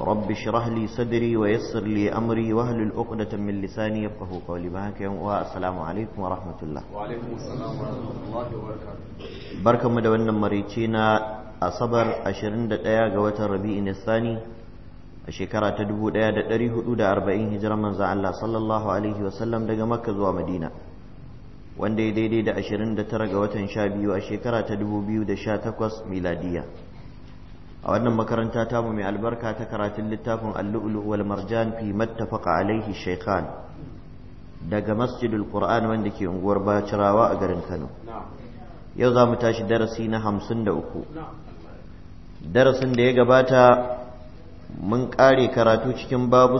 رب اشرح لي صدري ويسر لي امري واهلل عقدة من لساني يفقه قولي بهاك يوم السلام عليكم ورحمة الله وعليكم السلام ورحمة الله وبركاته بركة مدونا مريتشينا أصبر أشرين دقيقة قوات الربيع الثاني الشكرة تدبو دقيقة دريه أودا أربعين هجرة من الله صلى الله عليه وسلم دقا مكة ومدينة wanda ya daidai da 29 ga watan 12 a shekara ta 2018 miladiya a wannan makaranta tamu mai albarka ta karatun littafin al wal marjan fi mattafaqa alaihi shaykhan daga masjidul qur'an wanda ke unguwar bacirawa a garin kano yau za mu tashi darasi na hamsin da uku darasin da ya gabata mun ƙare karatu cikin babu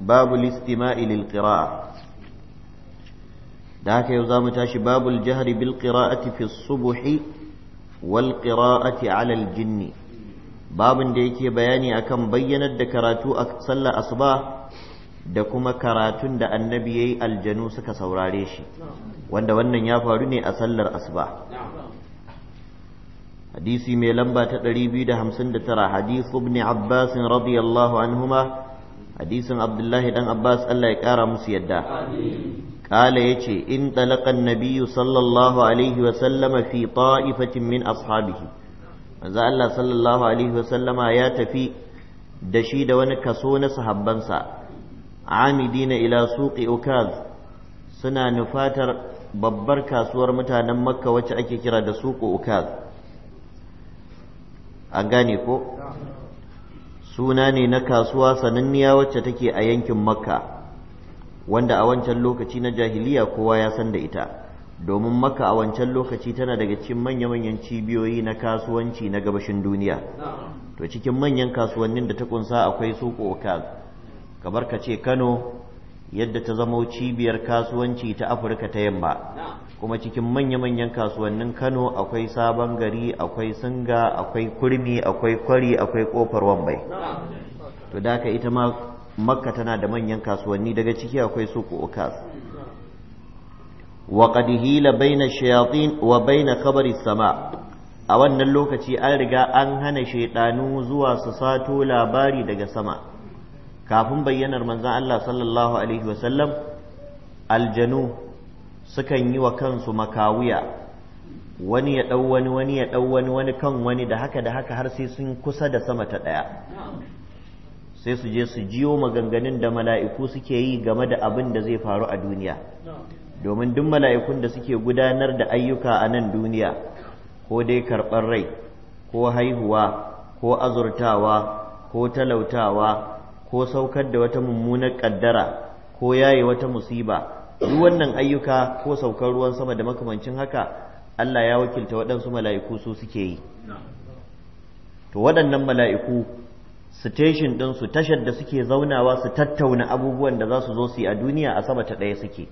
babu listima lil qira'a da haka yau za mu tashi babul jahri bil qira'ati fi subuhi wal qira'ati ala al jinni babin da yake bayani akan bayyanar da karatu a sallar asuba da kuma karatun da annabi yayi aljanu suka saurare shi wanda wannan ya faru ne a sallar asuba hadisi mai lamba ta 259 hadisi ibn Abbas radiyallahu anhuma hadisin Abdullahi dan Abbas Allah ya kara musu yadda kala yace in talaqa an-nabiy sallallahu alaihi wa sallama fi ta'ifatin min ashabihi manzo Allah sallallahu alaihi wasallama ya tafi da shi da wani kaso na sahabbansa amidina ila suqi ukaz suna nufatar babbar kasuwar mutanen makka wacce ake kira da suqu ukaz an gane ko suna ne na kasuwa sananniya wacce take a yankin makka wanda a wancan lokaci na jahiliya kowa ya san da ita domin maka a wancan lokaci tana daga cikin manya-manyan cibiyoyi na kasuwanci na gabashin duniya to cikin manyan kasuwannin da ta kunsa akwai su kokal kamar ka ce kano yadda ta zama cibiyar kasuwanci ta afirka ta yamma kuma cikin manya-manyan kasuwannin kano akwai sabon gari akwai singa akwai kurmi akwai kwari akwai kofar wambai to da ita ma makka tana da manyan kasuwanni daga ciki akwai su okas وقد هيل بين الشياطين وبين خبر السماء a wannan lokaci an riga an hana shaiɗanu zuwa su sato labari daga sama kafin bayyanar manzan Allah sallallahu alaihi wasallam aljanu sukan yi wa kansu makawuya wani ya ɗau wani wani ya ɗau wani wani kan wani da haka da haka har sai sun kusa da sama ta ɗaya sai su je su jiyo maganganun da mala'iku suke yi game da abin da zai faru a duniya domin duk mala'ikun da suke gudanar da ayyuka a nan duniya ko dai karɓar rai ko haihuwa ko azurtawa ko talautawa ko saukar da wata mummunar ƙaddara ko yaye wata musiba duk wannan ayyuka ko saukar ruwan sama da makamancin haka Allah ya wakilta waɗansu mala'iku su suke yi to waɗannan mala'iku station ɗin su tashar da suke zaunawa su tattauna abubuwan da za su zo su yi a duniya a sama ta ɗaya suke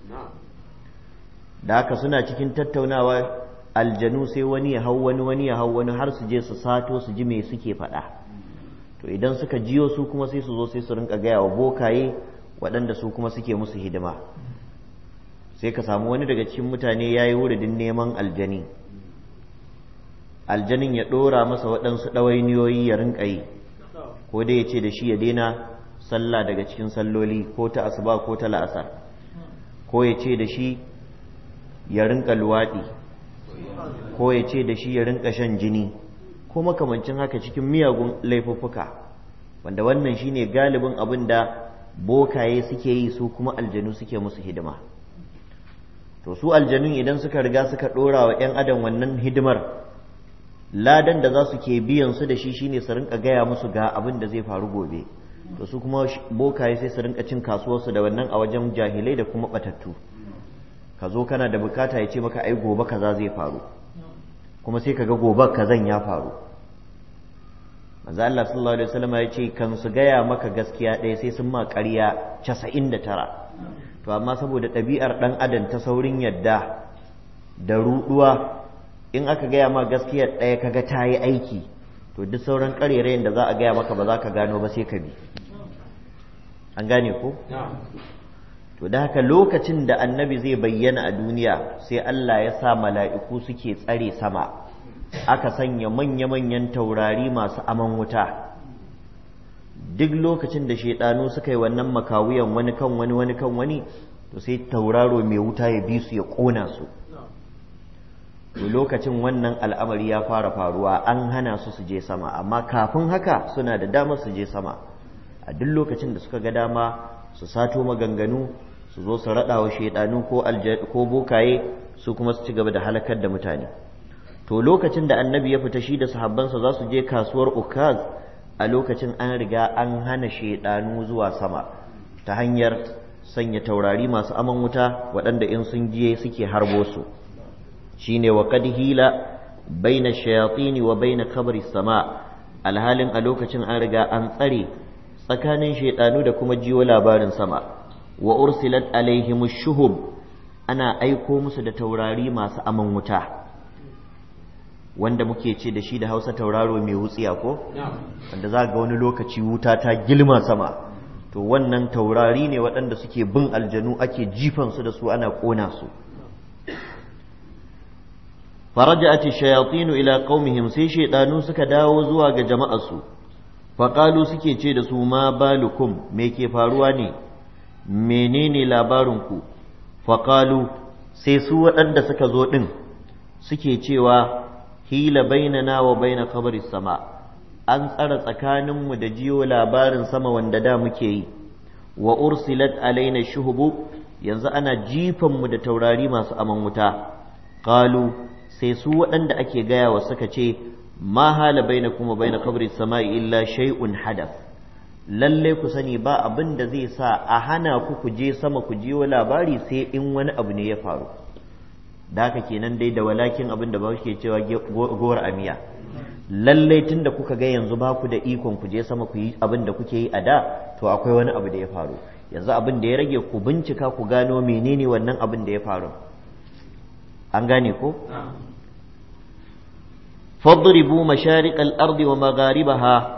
da haka suna cikin tattaunawa aljanu sai wani ya hau wani wani ya hau wani har su je su sato su ji me suke faɗa to idan suka jiyo su kuma sai su zo sai su rinka gaya wa bokaye waɗanda su kuma suke musu hidima sai ka samu wani daga cikin mutane ya yi wuridin neman aljani aljanin ya ɗora masa waɗansu ɗawainiyoyi ya rinka yi ko dai ya ce da shi ya daina sallah daga cikin salloli ko ta asuba ko ta la'asar ko ya ce da shi ya rinka luwaɗi ko ya ce da shi ya rinka shan jini ko makamancin haka cikin miyagun laifuffuka wanda wannan shi ne galibin abin da bokaye suke yi su kuma aljanu suke musu hidima to su aljanun idan suka riga suka ɗora wa 'yan adam wannan hidimar ladan da za su ke biyan su da shi shine su rinka gaya musu ga abin da zai faru gobe to su kuma bokaye sai su rinka cin kasuwarsu da wannan a wajen jahilai da kuma batattu ka zo kana da bukata ya ce maka ai gobe kaza zai faru kuma sai kaga gobe kazan ya faru manzo Allah sallallahu alaihi wasallam ya ce kan su gaya maka gaskiya ɗaya sai sun ma ƙarya 99 to amma saboda ɗabi'ar ɗan adam ta saurin yadda da ruɗuwa in aka gaya ma gaskiya ɗaya kaga ta yi aiki to duk sauran ƙarerayen da za a gaya maka ba za ka gano ba sai ka bi an gane ko to da haka lokacin da annabi zai bayyana a duniya sai Allah ya sa mala'iku suke tsare sama aka sanya manya-manyan taurari masu aman wuta duk lokacin da shaidanu suka yi wannan makawuyan wani kan wani wani kan wani to sai tauraro mai wuta ya bi su ya ƙona su lokacin wannan al'amari ya fara faruwa an hana su su je sama amma kafin haka suna da damar su je sama a duk lokacin da suka ga dama su sato maganganu su zo su raɗa wa shaiɗanu ko bokaye su kuma su ci gaba da halakar da mutane to lokacin da annabi ya fita shi da sahabbansa za su je kasuwar ukaz a lokacin an riga an hana shaiɗanu zuwa sama ta hanyar sanya taurari masu aman wuta waɗanda in sun jiye suke harbo su shine wa hila baina shayatin wa baina kabari sama alhalin a lokacin an riga an tsare tsakanin shaiɗanu da kuma jiwo labarin sama wa ursilat alaihim shuhub ana aiko musu da taurari masu aman wuta wanda muke ce da shi da hausa tauraro mai wutsiya ko wanda za ga wani lokaci wuta ta gilma sama to wannan taurari ne waɗanda suke bin aljanu ake jifan su da su ana ƙona su faraja'ati shayatinu ila qaumihim sai shaydanu suka dawo zuwa ga jama'arsu faqalu suke ce da su ma balukum me ke faruwa ne menene labarinku faƙalu sai su waɗanda suka zo ɗin suke cewa hila bainana wa baina kabari sama an tsara tsakaninmu da jiyo labarin sama wanda da muke yi wa ursilat alaina shuhubu yanzu ana jifanmu da taurari masu aman wuta ƙalu sai su waɗanda ake gaya wa suka ce ma hala baina kuma baina kabari sama illa shay'un hadath Lallai ku sani ba abin da zai sa a hana ku ku je sama ku jiwo labari sai in wani abu ne ya faru da haka kenan dai da walakin abin da ba ke cewa gowar amiya lalle tun da kuka ga yanzu ba ku da ikon ku je sama ku yi abin da kuke yi a da to akwai wani abu da ya faru yanzu abin da ya rage ku bincika ku gano menene wannan abin da ya faru an gane ko fadribu mashariqal ardi wa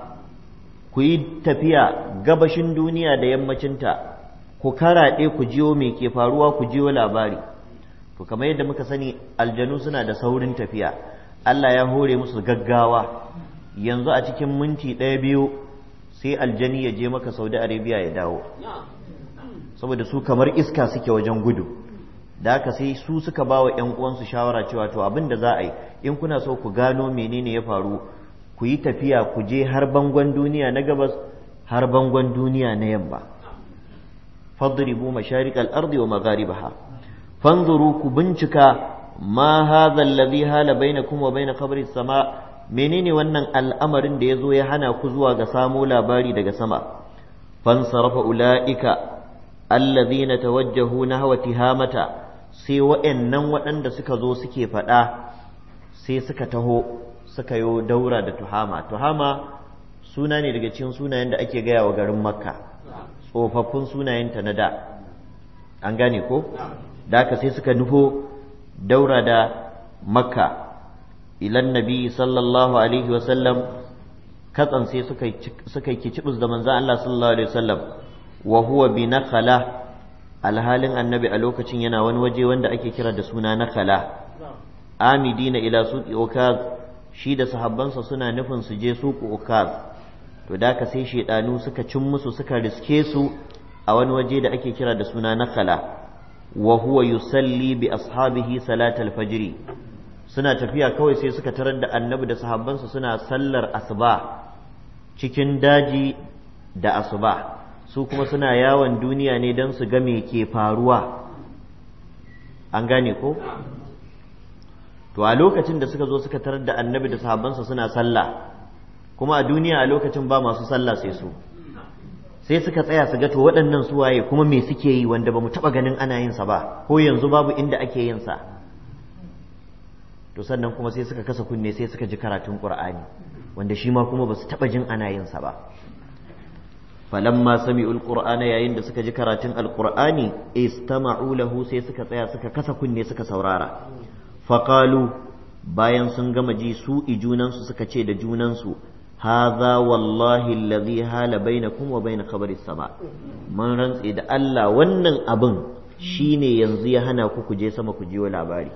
ku yi tafiya gabashin duniya da yammacinta ku karaɗe ku jiyo mai ke faruwa ku jiyo labari to kamar yadda muka sani aljanu suna da saurin tafiya Allah ya hore musu gaggawa yanzu a cikin minti ɗaya biyu sai aljani ya je maka saudi Arabiya ya dawo saboda su kamar iska suke wajen gudu da haka sai su suka ba wa 'yan uwansu shawara cewa to abin da za a yi in kuna so ku gano menene ya faru ku yi tafiya ku je har bangon duniya na gabas har bangon duniya na yamma fadribu masharikal ardi wa magharibaha fanzuru ku bincika ma hadha alladhi hala bainakum wa bain qabri sama menene wannan al'amarin da yazo ya hana ku zuwa ga samo labari daga sama fansarafa ulaika alladhina tawajjahu nahwa tihamata sai wa'annan waɗanda suka zo suke faɗa sai suka taho suka yo daura da tuhama tuhama suna ne daga cikin sunayen da ake gaya wa garin makka tsofaffin sunayenta na da an gane ko da aka sai suka nufo daura da makka ilan nabi sallallahu alaihi wasallam katsan sai suka yi kicibus da manzan Allah sallallahu alaihi wasallam wa huwa bi nakhala alhalin annabi a lokacin yana wani waje wanda ake kira da suna nakhala amidina ila suqi ukaz shi da sahabbansa suna nufin su je ku ukaz to da ka sai shaidanu suka cin musu suka riske su a wani waje da ake kira da suna nakala wa huwa yusalli bi ashabihi salatal fajri suna tafiya kawai sai suka tarar da annabi da sahabbansa suna sallar asuba cikin daji da asuba su kuma suna yawon duniya ne don su ga me ke faruwa an gane ko to a lokacin da suka zo suka tarar da annabi da sahabbansa suna sallah kuma a duniya a lokacin ba masu sallah sai su sai suka tsaya su ga to waɗannan su waye kuma me suke yi wanda bamu taba ganin ana yin sa ba ko yanzu babu inda ake yin sa to sannan kuma sai suka kasa kunne sai suka ji karatun qur'ani wanda shi ma kuma basu taba jin ana yin sa ba falamma sami'ul qur'ana yayin da suka ji karatun alqur'ani istama'u lahu sai suka tsaya suka kasa kunne suka saurara faƙalu bayan sun gama ji su junansu suka ce da junansu haza wallahi lazi hala baina kuma baina kabari sama mun rantse da Allah wannan abin shine yanzu ya hana ku kuje sama ku labari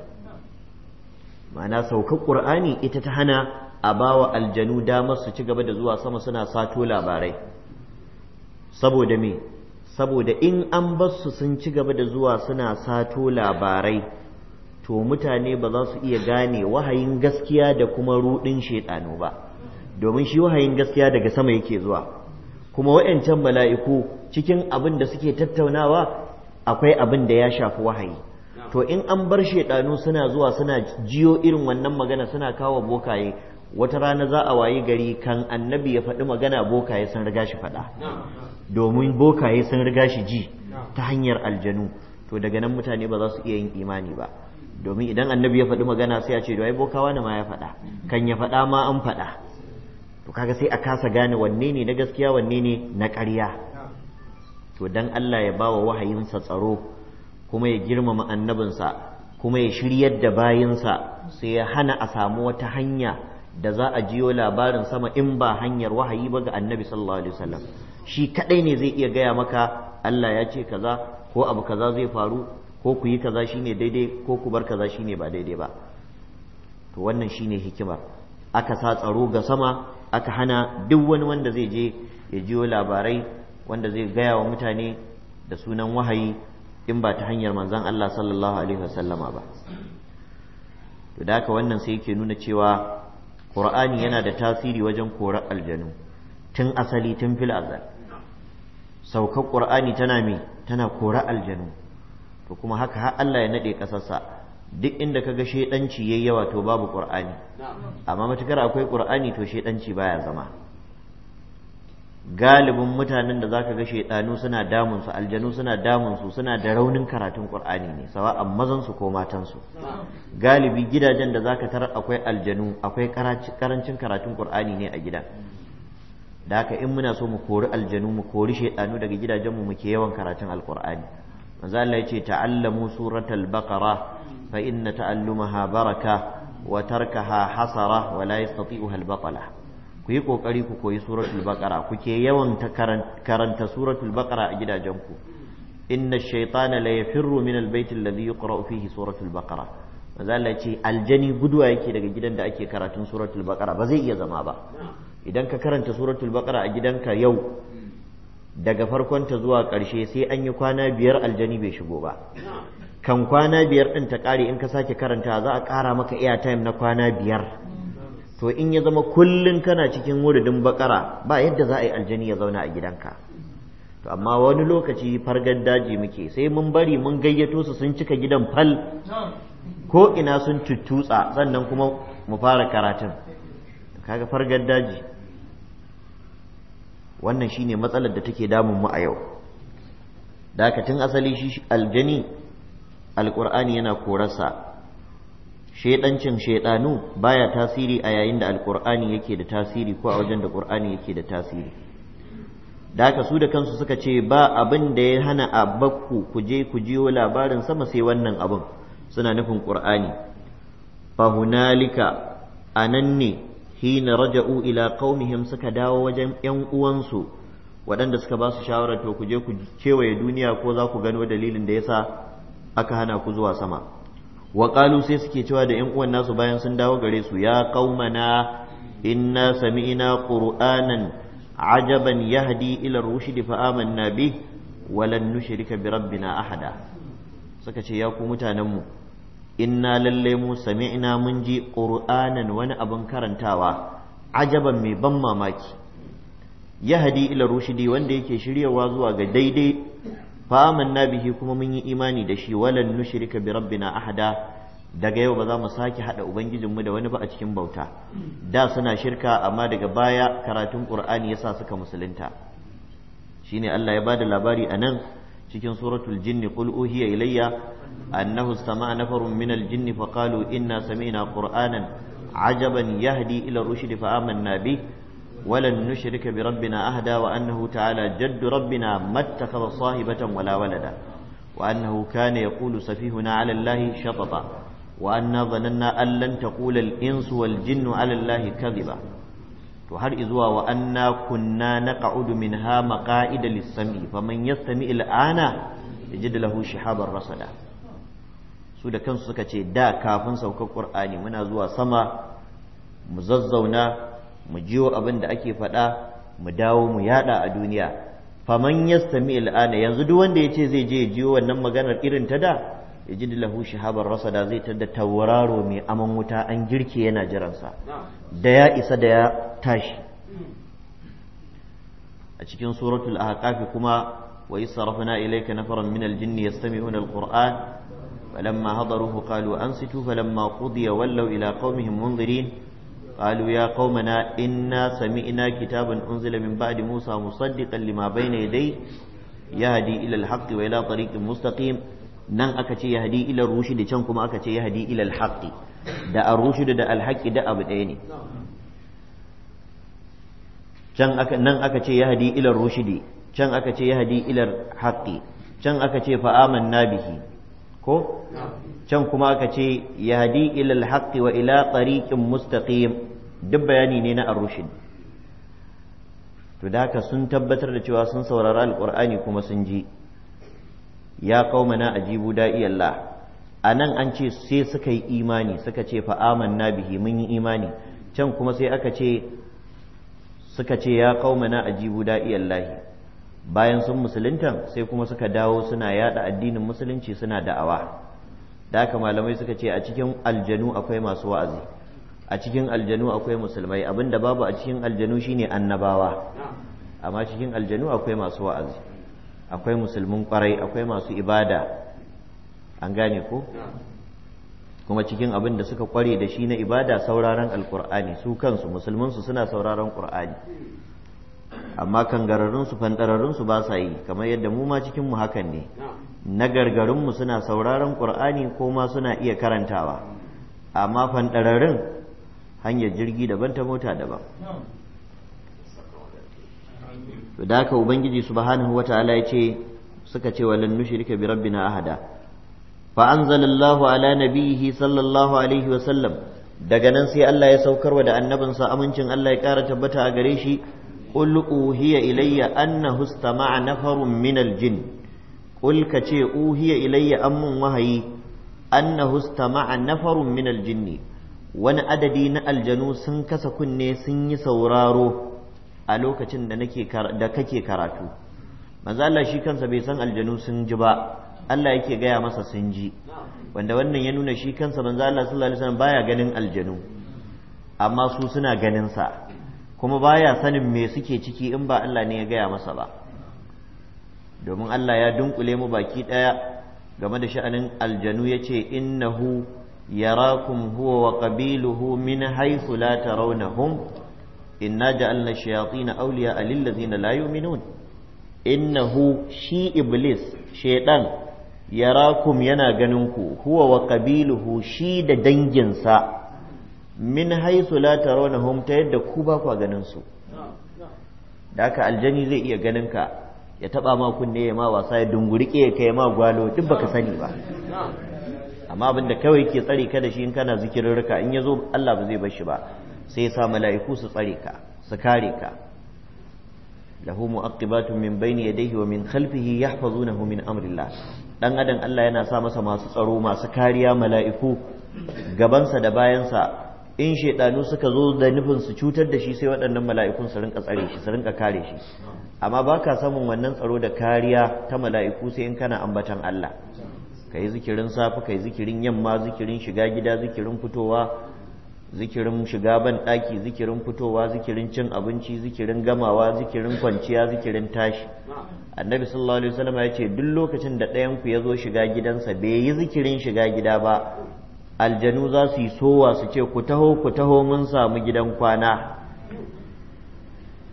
ma'ana saukar qur'ani ita ta hana a bawa aljanu damar su ci gaba da zuwa sama suna sato labarai saboda me saboda in an bar su sun ci gaba da zuwa suna sato labarai to mutane ba za su iya gane wahayin gaskiya da kuma ruɗin shaiɗanu ba domin shi wahayin gaskiya daga sama yake zuwa kuma wa'yancan mala'iku cikin abin da suke tattaunawa akwai abin da ya shafi wahayi to in an bar shaiɗanu suna zuwa suna jiyo irin wannan magana suna kawo bokaye wata rana za a wayi gari kan annabi ya faɗi magana bokaye sun riga shi faɗa domin bokaye sun riga shi ji ta hanyar aljanu to daga nan mutane ba za su iya yin imani ba domin idan annabi ya faɗi magana sai a ce da bokawa na ma ya faɗa kan ya faɗa ma an faɗa to kaga sai a kasa gane wanne ne na gaskiya wanne ne na ƙarya to dan Allah ya bawa wahayinsa tsaro kuma ya girmama annabinsa kuma ya shiryar da bayinsa sai ya hana a samu wata hanya da za a jiyo labarin sama in ba hanyar wahayi ba ga annabi sallallahu alaihi wasallam shi kadai ne zai iya gaya maka Allah ya ce kaza ko abu kaza zai faru ko ku yi kaza shine daidai ko ku bar kaza shine ba daidai ba to wannan shine hikima aka sa tsaro ga sama aka hana duk wani wanda zai je ya jiyo labarai wanda zai gaya wa mutane da sunan wahayi in ba ta hanyar manzon Allah sallallahu alaihi wasallama ba to da haka wannan sai yake nuna cewa Qur'ani yana da tasiri wajen korar aljanu tun asali tun fil azal saukar Qur'ani tana me tana korar aljanu to kuma haka har Allah ya nade kasarsa duk inda kaga shedanci yayi yawa to babu qur'ani amma matukar akwai qur'ani to shedanci baya zama galibin mutanen da zaka ga shedanu suna damun su aljanu suna damun su suna da raunin karatun qur'ani ne sawa'an mazan su ko matan su galibi gidajen da zaka tarar akwai aljanu akwai karancin karatun qur'ani ne a gida da haka in muna so mu kori aljanu mu kori shedanu daga gidajen mu muke yawan karatun alqur'ani manzo yace ta'allamu suratal baqara fa inna ta'allumaha baraka wa tarkaha hasara wa la yastati'uha al-batala ku yi kokari ku koyi suratul baqara kuke yawan ta karanta suratul baqara a gidajenku inna ash-shaytana la yafirru min al-bayt alladhi yuqra'u fihi suratul baqara manzo aljani guduwa yake daga gidan da ake karatun suratul baqara ba zai iya zama ba idan ka karanta suratul baqara a gidanka yau daga farkon ta zuwa ƙarshe sai an yi kwana biyar aljani bai shigo ba kan kwana biyar ɗin ta ƙare in ka sake karanta za a ƙara maka iya time na kwana biyar to in ya zama kullum kana cikin wuridin bakara ba yadda za a yi aljani ya zauna a gidanka to amma wani lokaci fargar daji muke sai mun bari mun gayyato su sun cika gidan fal ko ina sun tututsa sannan kuma mu fara karatun kaga fargar daji wannan shine matsalar da take damun mu a yau da asali shi aljani alqur'ani yana korarsa shaidancin shaidanu baya tasiri a yayin da alqur'ani yake da tasiri ko a wajen da qur'ani yake da tasiri da su da kansu suka ce ba abin da ya hana a ku je ku jiyo labarin sama sai wannan abin suna nufin qur'ani fa hunalika anan ne hina raja'u ila qaumihim suka dawo wajen ƴan uwansu waɗanda suka ba su shawarar to ku je ku kewaye duniya ko za ku gano dalilin da yasa aka hana ku zuwa sama wa qalu sai suke cewa da ƴan uwan nasu bayan sun dawo gare su ya qaumana inna sami'na qur'anan ajaban yahdi ila rushdi fa amanna bih walan nushrika bi rabbina ahada suka ce ya ku mutanen mu inna lalle mu sami'na mun ji qur'anan wani abin karantawa ajaban mai ban mamaki yahdi ila rushidi wanda yake shiryawa zuwa ga daidai fa amanna bihi kuma mun yi imani da shi walan nushrika bi rabbina ahada daga yau ba za mu sake hada mu da wani ba a cikin bauta da suna shirka amma daga baya karatun qur'ani yasa suka musulunta shine Allah ya bada labari anan cikin suratul jinni qul uhiya ilayya annahu istama'a nafarun minal jinni faqalu inna sami'na qur'anan ajaban yahdi ila rushd fa amanna bih ولن نشرك بربنا أهدا وأنه تعالى جد ربنا ما اتخذ صاحبة ولا ولدا وأنه كان يقول سفيهنا على الله شططا وأنا ظننا أن لن تقول الإنس والجن على الله كذبا to har izuwa wa anna kunna naqa'udu minha maqa'ida lis-sam'i faman yastami al-ana yajid lahu shihaban rasada su da kansu suka ce da kafin saukar qur'ani muna zuwa sama mu zazzauna mu jiwo abin da ake faɗa mu dawo mu yada a duniya faman yastami al-ana yanzu duk wanda yace zai je jiwo wannan maganar irin ta da ijin da lahu shahabar rasa da zai da tauraro mai aman wuta an girke yana jiransa da ya isa da ya tashi a cikin suratul ahqafi kuma wa yusarrafuna ilayka nafaran min aljinni yastami'una alquran falamma hadaruhu qalu ansitu falamma qudiya wallaw ila qaumihim munzirin قالوا يا قومنا إنا سمعنا كتابا أنزل من بعد موسى مصدقا لما بين يديه يهدي إلى الحق وإلى طريق مستقيم nan aka ce ya hadi rushi da can kuma aka ce ya hadi ila alhaqi da a rushi da alhaqi da abu ɗaya ne can aka nan aka ce ya hadi ila rushidi can aka ce ya hadi ila haqqi can aka ce fa amanna bihi ko can kuma aka ce ya hadi ila alhaqqi wa ila tariqin mustaqim duk bayani ne na ar-rushd to da haka sun tabbatar da cewa sun saurari alqur'ani kuma sun ji ya a ajibu da'i Allah anan an ce sai suka yi imani suka ce fa amanna bihi mun yi imani can kuma sai aka ce suka ce ya qaumana ajibu da'i Allah bayan sun musuluntan sai kuma suka dawo suna yada addinin musulunci suna da'awa da haka malamai suka ce a cikin aljanu akwai masu wa'azi a cikin aljanu akwai musulmai abinda babu a cikin aljanu shine annabawa amma cikin aljanu akwai masu wa'azi akwai musulmin kwarai akwai masu ibada an gane ko kuma cikin abin da suka kware da shi na ibada sauraron alkur'ani su kansu musulmansu suna sauraron qur'ani amma kangararrunsu fantararrunsu ba sa yi kamar yadda mu ma cikin mu hakan ne na mu suna sauraron qur'ani ko ma suna iya karantawa amma fantararrun hanyar jirgi daban ta mota daban to da haka ubangiji subhanahu wataala ya ce suka ce walan nushrika bi rabbina ahada fa anzalallahu ala nabiyhi sallallahu alaihi wa sallam daga nan sai Allah ya saukarwa da annabinsa amincin Allah ya ƙara tabbata a gare shi qul uhiya ilayya nafarun min qul ka ce uhiya ilayya ammun wahayi annahu istama'a nafarun min wani adadi na aljanu sun kasa kunne sun yi sauraro a lokacin da nake da kake karatu manzo Allah shi kansa bai san aljanu sun ji ba Allah yake gaya masa sun ji wanda wannan ya nuna shi kansa manzo Allah sallallahu alaihi wasallam baya ganin aljanu amma su suna ganin sa kuma baya sanin me suke ciki in ba Allah ne ya gaya masa ba domin Allah ya dunkule mu baki daya game da sha'anin aljanu yace innahu yarakum huwa wa qabiluhu min haythu la tarawnahum inna ja'alna shayatin awliya lil ladzina la yu'minun innahu shi iblis shaiɗan yarakum yana ganin ku huwa wa qabiluhu shi da danginsa min haythu la tarawnahum ta yadda ku ba ku ganin da haka aljani zai iya ganin ka ya taɓa ma kunne ya ma wasa ya dungu dungurike ya kai ma gwalo duk baka sani ba amma abin da kawai ke tsare ka da shi in kana zikirarka in yazo Allah ba zai bar shi ba sai sa mala'iku su tsare ka su kare ka lahu mu'aqibatun min bayni yadayhi wa min khalfihi yahfazunahu min amrillah dan adam Allah yana sa masa masu tsaro masu kariya mala'iku gabansa da bayansa in shaidanu suka zo da nufin su cutar da shi sai waɗannan mala'ikun su rinka tsare shi su rinka kare shi amma ba ka samun wannan tsaro da kariya ta mala'iku sai in kana ambatan Allah ka yi zikirin safe ka yi zikirin yamma zikirin shiga gida zikirin fitowa zikirin shiga ban ɗaki zikirin fitowa zikirin cin abinci zikirin gamawa zikirin kwanciya zikirin tashi annabi sallallahu alaihi wasallam ya ce duk lokacin da ɗayan ku ya zo shiga gidansa bai yi zikirin shiga gida ba aljanu za su yi sowa su ce ku taho ku taho mun samu gidan kwana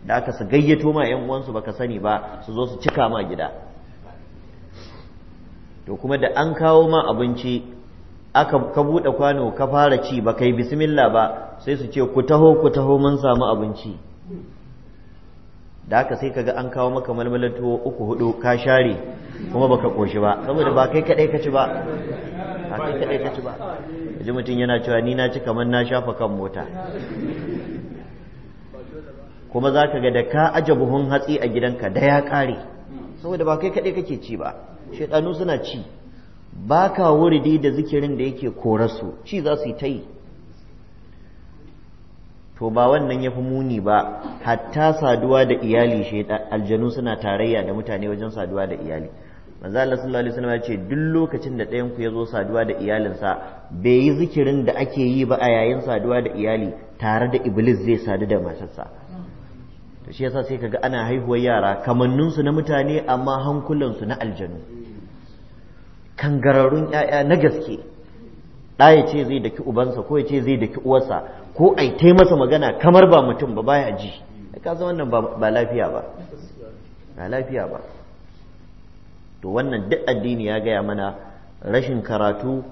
da aka su gayyato ma yan uwansu baka sani ba su zo su cika ma gida to kuma da an kawo ma abinci aka ka buɗe kwano ka fara ci ba kai bismillah ba sai su ce ku taho ku taho mun samu abinci da haka sai kaga an kawo maka malmalar tuwo uku hudu ka share kuma baka koshi ba saboda ba kai kadai ka ci ba ba kai kadai ka ci ba kaji mutum yana cewa ni na ci kamar na shafa kan mota kuma za ka ga da ka aje buhun hatsi a gidanka da ya kare saboda ba kai kadai kake ci ba shaidanu suna ci ba ka wuridi da zikirin da yake korasu, ci za su yi ta yi to ba wannan ya fi muni ba hatta saduwa da iyali shi aljanu suna tarayya da mutane wajen saduwa da iyali manzo Allah sallallahu alaihi wasallam ya ce duk lokacin da ɗayan ku ya zo saduwa da iyalinsa bai yi zikirin da ake yi ba a yayin saduwa da iyali tare da iblis zai sadu da matarsa to shi yasa sai kaga ana haihuwar yara kamanninsu na mutane amma hankulansu na aljanu kangararrun ‘ya'ya na gaske ɗa ya ce zai daki ubansa ko ya ce zai daki uwarsa ko a yi masa magana kamar ba mutum ba baya ji Ya kasa wannan ba lafiya ba ba lafiya ba to wannan duk addini ya gaya mana rashin karatu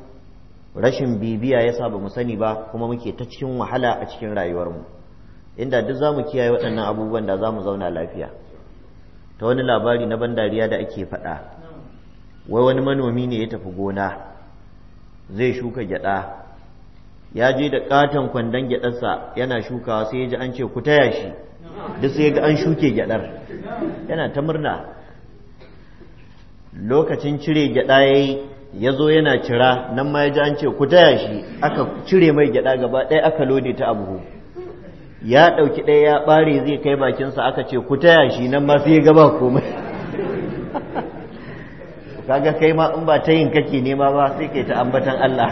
rashin bibiya ya sa ba mu sani ba kuma muke ta cikin wahala a cikin rayuwarmu inda duk za mu kiyaye waɗannan abubuwan da za mu zauna lafiya ta wani labari na ban dariya da ake faɗa wai wani manomi ne ya tafi gona zai shuka gyada ya je da katon kwandon gyadarsa yana shukawa sai ya ji an ce ku taya shi duk sai ga an shuke gyadar yana ta murna lokacin cire gyada yi ya zo yana cira nan ma ya ji an ce ku taya shi aka cire mai gyada gaba ɗaya aka lode ta abu ya ɗauki ɗaya ya ɓare zai kai bakinsa aka ce ku taya shi nan ma sai ya gaba komai kaga kai ma in ba ta yin kake nema ba sai kai ta ambatan Allah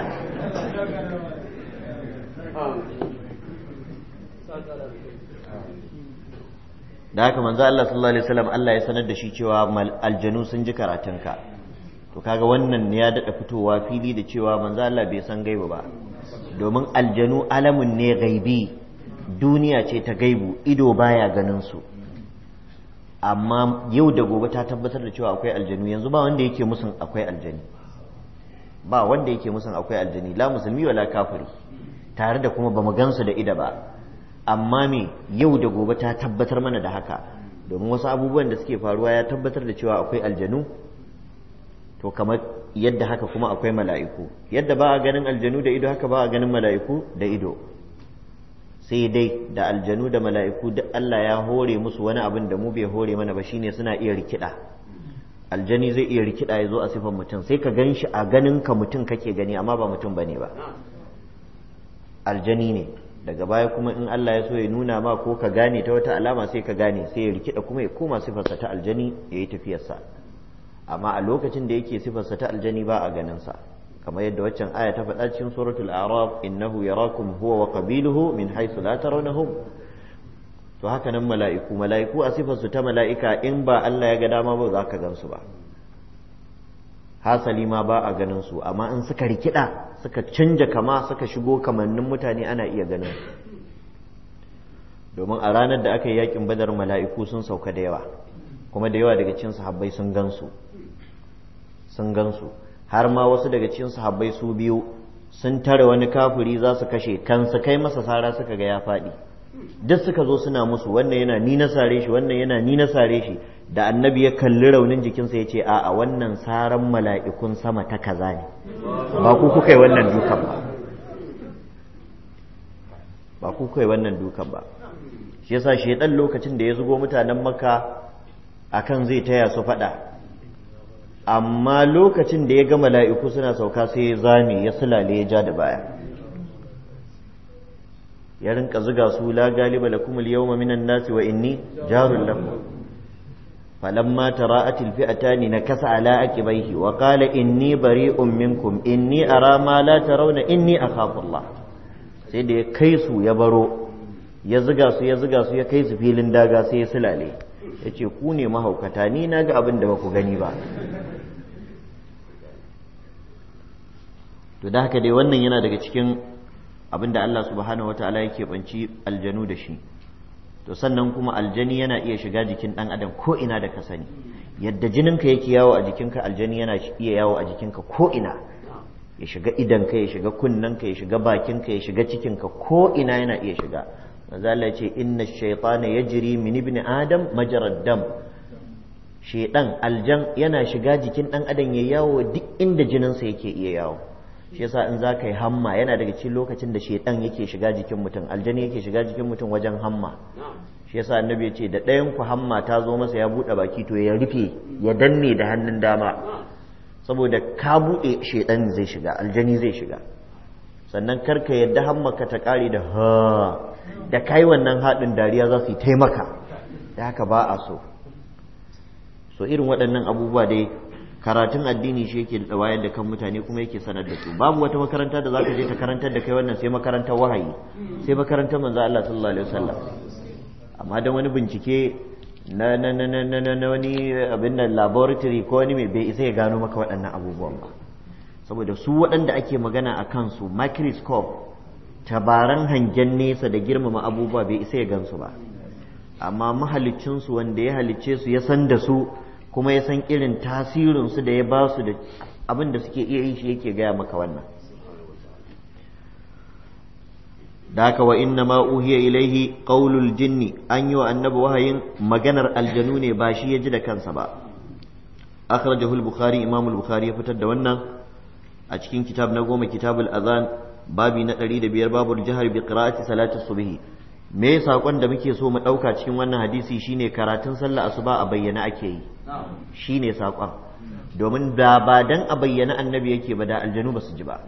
da haka manzo Allah sallallahu alaihi wasallam Allah ya sanar da shi cewa aljanu sun ji karatun ka. to kaga wannan ya dada fitowa fili da cewa manzo Allah bai san gaiba ba domin aljanu alamun ne gaibi duniya ce ta gaibu ido baya ganin su amma yau da gobe ta tabbatar da cewa akwai aljanu yanzu ba wanda yake musun akwai aljani ba wanda yake musun akwai aljani la musulmi wala kafiri tare da kuma bamu gansu da ida ba amma me yau da gobe ta tabbatar mana da haka domin wasu abubuwan da suke faruwa ya tabbatar da cewa akwai aljanu to kamar yadda haka kuma akwai mala'iku yadda ba a ganin aljanu da ido haka ba a ganin mala'iku da ido sai dai da aljanu da mala'iku duk Allah ya hore musu wani abin da mu bai hore mana ba shine suna iya rikida aljani zai iya rikida ya zo a sifan mutum sai ka gan shi a ganin ka mutum kake gani amma ba mutum bane ba aljani ne daga baya kuma in Allah ya so ya nuna ma ko ka gane ta wata alama sai ka gane sai ya rikida kuma ya koma sifarsa ta aljani ya yi tafiyarsa amma a lokacin da yake sifarsa ta aljani ba a ganinsa kamar yadda waccan aya ta faɗa cikin suratul araf innahu yarakum huwa wa qabiluhu min haythu la tarawnahum to haka nan mala'iku mala'iku a sifar su ta mala'ika in ba Allah ya ga dama ba za ka gansu ba hasali ma ba a ganin su amma in suka rikida suka canja kama suka shigo kamannin mutane ana iya ganin domin a ranar da aka yi yakin badar mala'iku sun sauka da yawa kuma da yawa daga cin sahabbai sun gansu sun gansu har ma wasu daga cikin sahabbai su biyu sun tare wani kafuri za su kashe kansa kai masa sara suka ga ya faɗi duk suka zo suna musu wannan yana ni na sare shi wannan yana ni na sare shi da annabi ya kalli raunin jikinsa ya ce a wannan saran mala'ikun sama ta kaza ne ba ku kuka yi wannan dukan ba ba ku kuka yi wannan dukan ba shi yasa lokacin da ya zugo mutanen makka akan zai taya su faɗa amma lokacin da ya ga mala'iku suna sauka sai ya zame ya sulale ya ja da baya ya rinka zuga su la galiba la kuma liyau minan nasi wa inni jarul lakum falamma tara'at al na kasa ala aqibaihi wa kala inni bari umminkum inni a rama la rauna inni a Allah sai da ya kai su ya baro ya zuga su ya zuga su ya kai su filin daga sai ya sulale ce ku ne mahaukata ni na ga abin da ba ku gani ba to da haka dai wannan yana daga cikin abin da Allah subhanahu wataala yake banci aljanu da shi to sannan kuma aljani yana iya shiga jikin ɗan adam ko ina da ka sani yadda jininka yake yawo a jikinka aljani yana iya yawo a jikinka ko ina ya shiga idanka ya shiga ka, ya shiga bakinka ya shiga cikinka ko ina yana iya shiga manzo Allah ya ce inna shaytana yajri min ibni adam majrad dam shedan aljan yana shiga jikin ɗan adam ya yawo duk inda jininsa yake iya yawo shi yasa in za ka yi hamma yana daga cikin lokacin da shaidan yake shiga jikin mutum aljani yake shiga jikin mutum wajen hamma shi yasa annabi ya ce da ɗayan ku hamma ta zo masa ya buɗe baki to ya rufe ya danne da hannun dama saboda ka buɗe shaiɗan zai shiga aljani zai shiga sannan kar ka yadda hamma ka ta ƙare da ha da kai wannan haɗin dariya za su yi taimaka da haka ba a so so irin waɗannan abubuwa dai karatun addini shi yake wayar da kan mutane kuma yake sanar da su babu wata makaranta da za ka je ta karantar da kai wannan sai makarantar wahayi sai makarantar manzo Allah sallallahu alaihi wasallam amma dan wani bincike na na na na na wani abin nan laboratory ko wani mai bai isa ya gano maka waɗannan abubuwan ba saboda su waɗanda ake magana a kansu microscope tabaran hangen nesa da girmama abubuwa bai isa ya gansu ba amma mahalicinsu wanda ya halicce su ya san da su kuma ya san irin tasirinsu da ya ba su da abin da suke iya yi shi yake gaya maka wannan da haka wa inna ma uhiya ilaihi qaulul jinni an yi wa annabi wahayin maganar aljanu ne ba shi ya ji da kansa ba akhrajahu al-bukhari imam al-bukhari ya fitar da wannan a cikin kitab na goma kitabul azan babi na 105 babul jihar bi qira'ati salati subhi me saƙon da muke so mu ɗauka cikin wannan hadisi shine karatun sallah asuba a bayyana ake yi shine saƙon domin da ba dan a bayyana annabi yake ba da aljanu ba su ji ba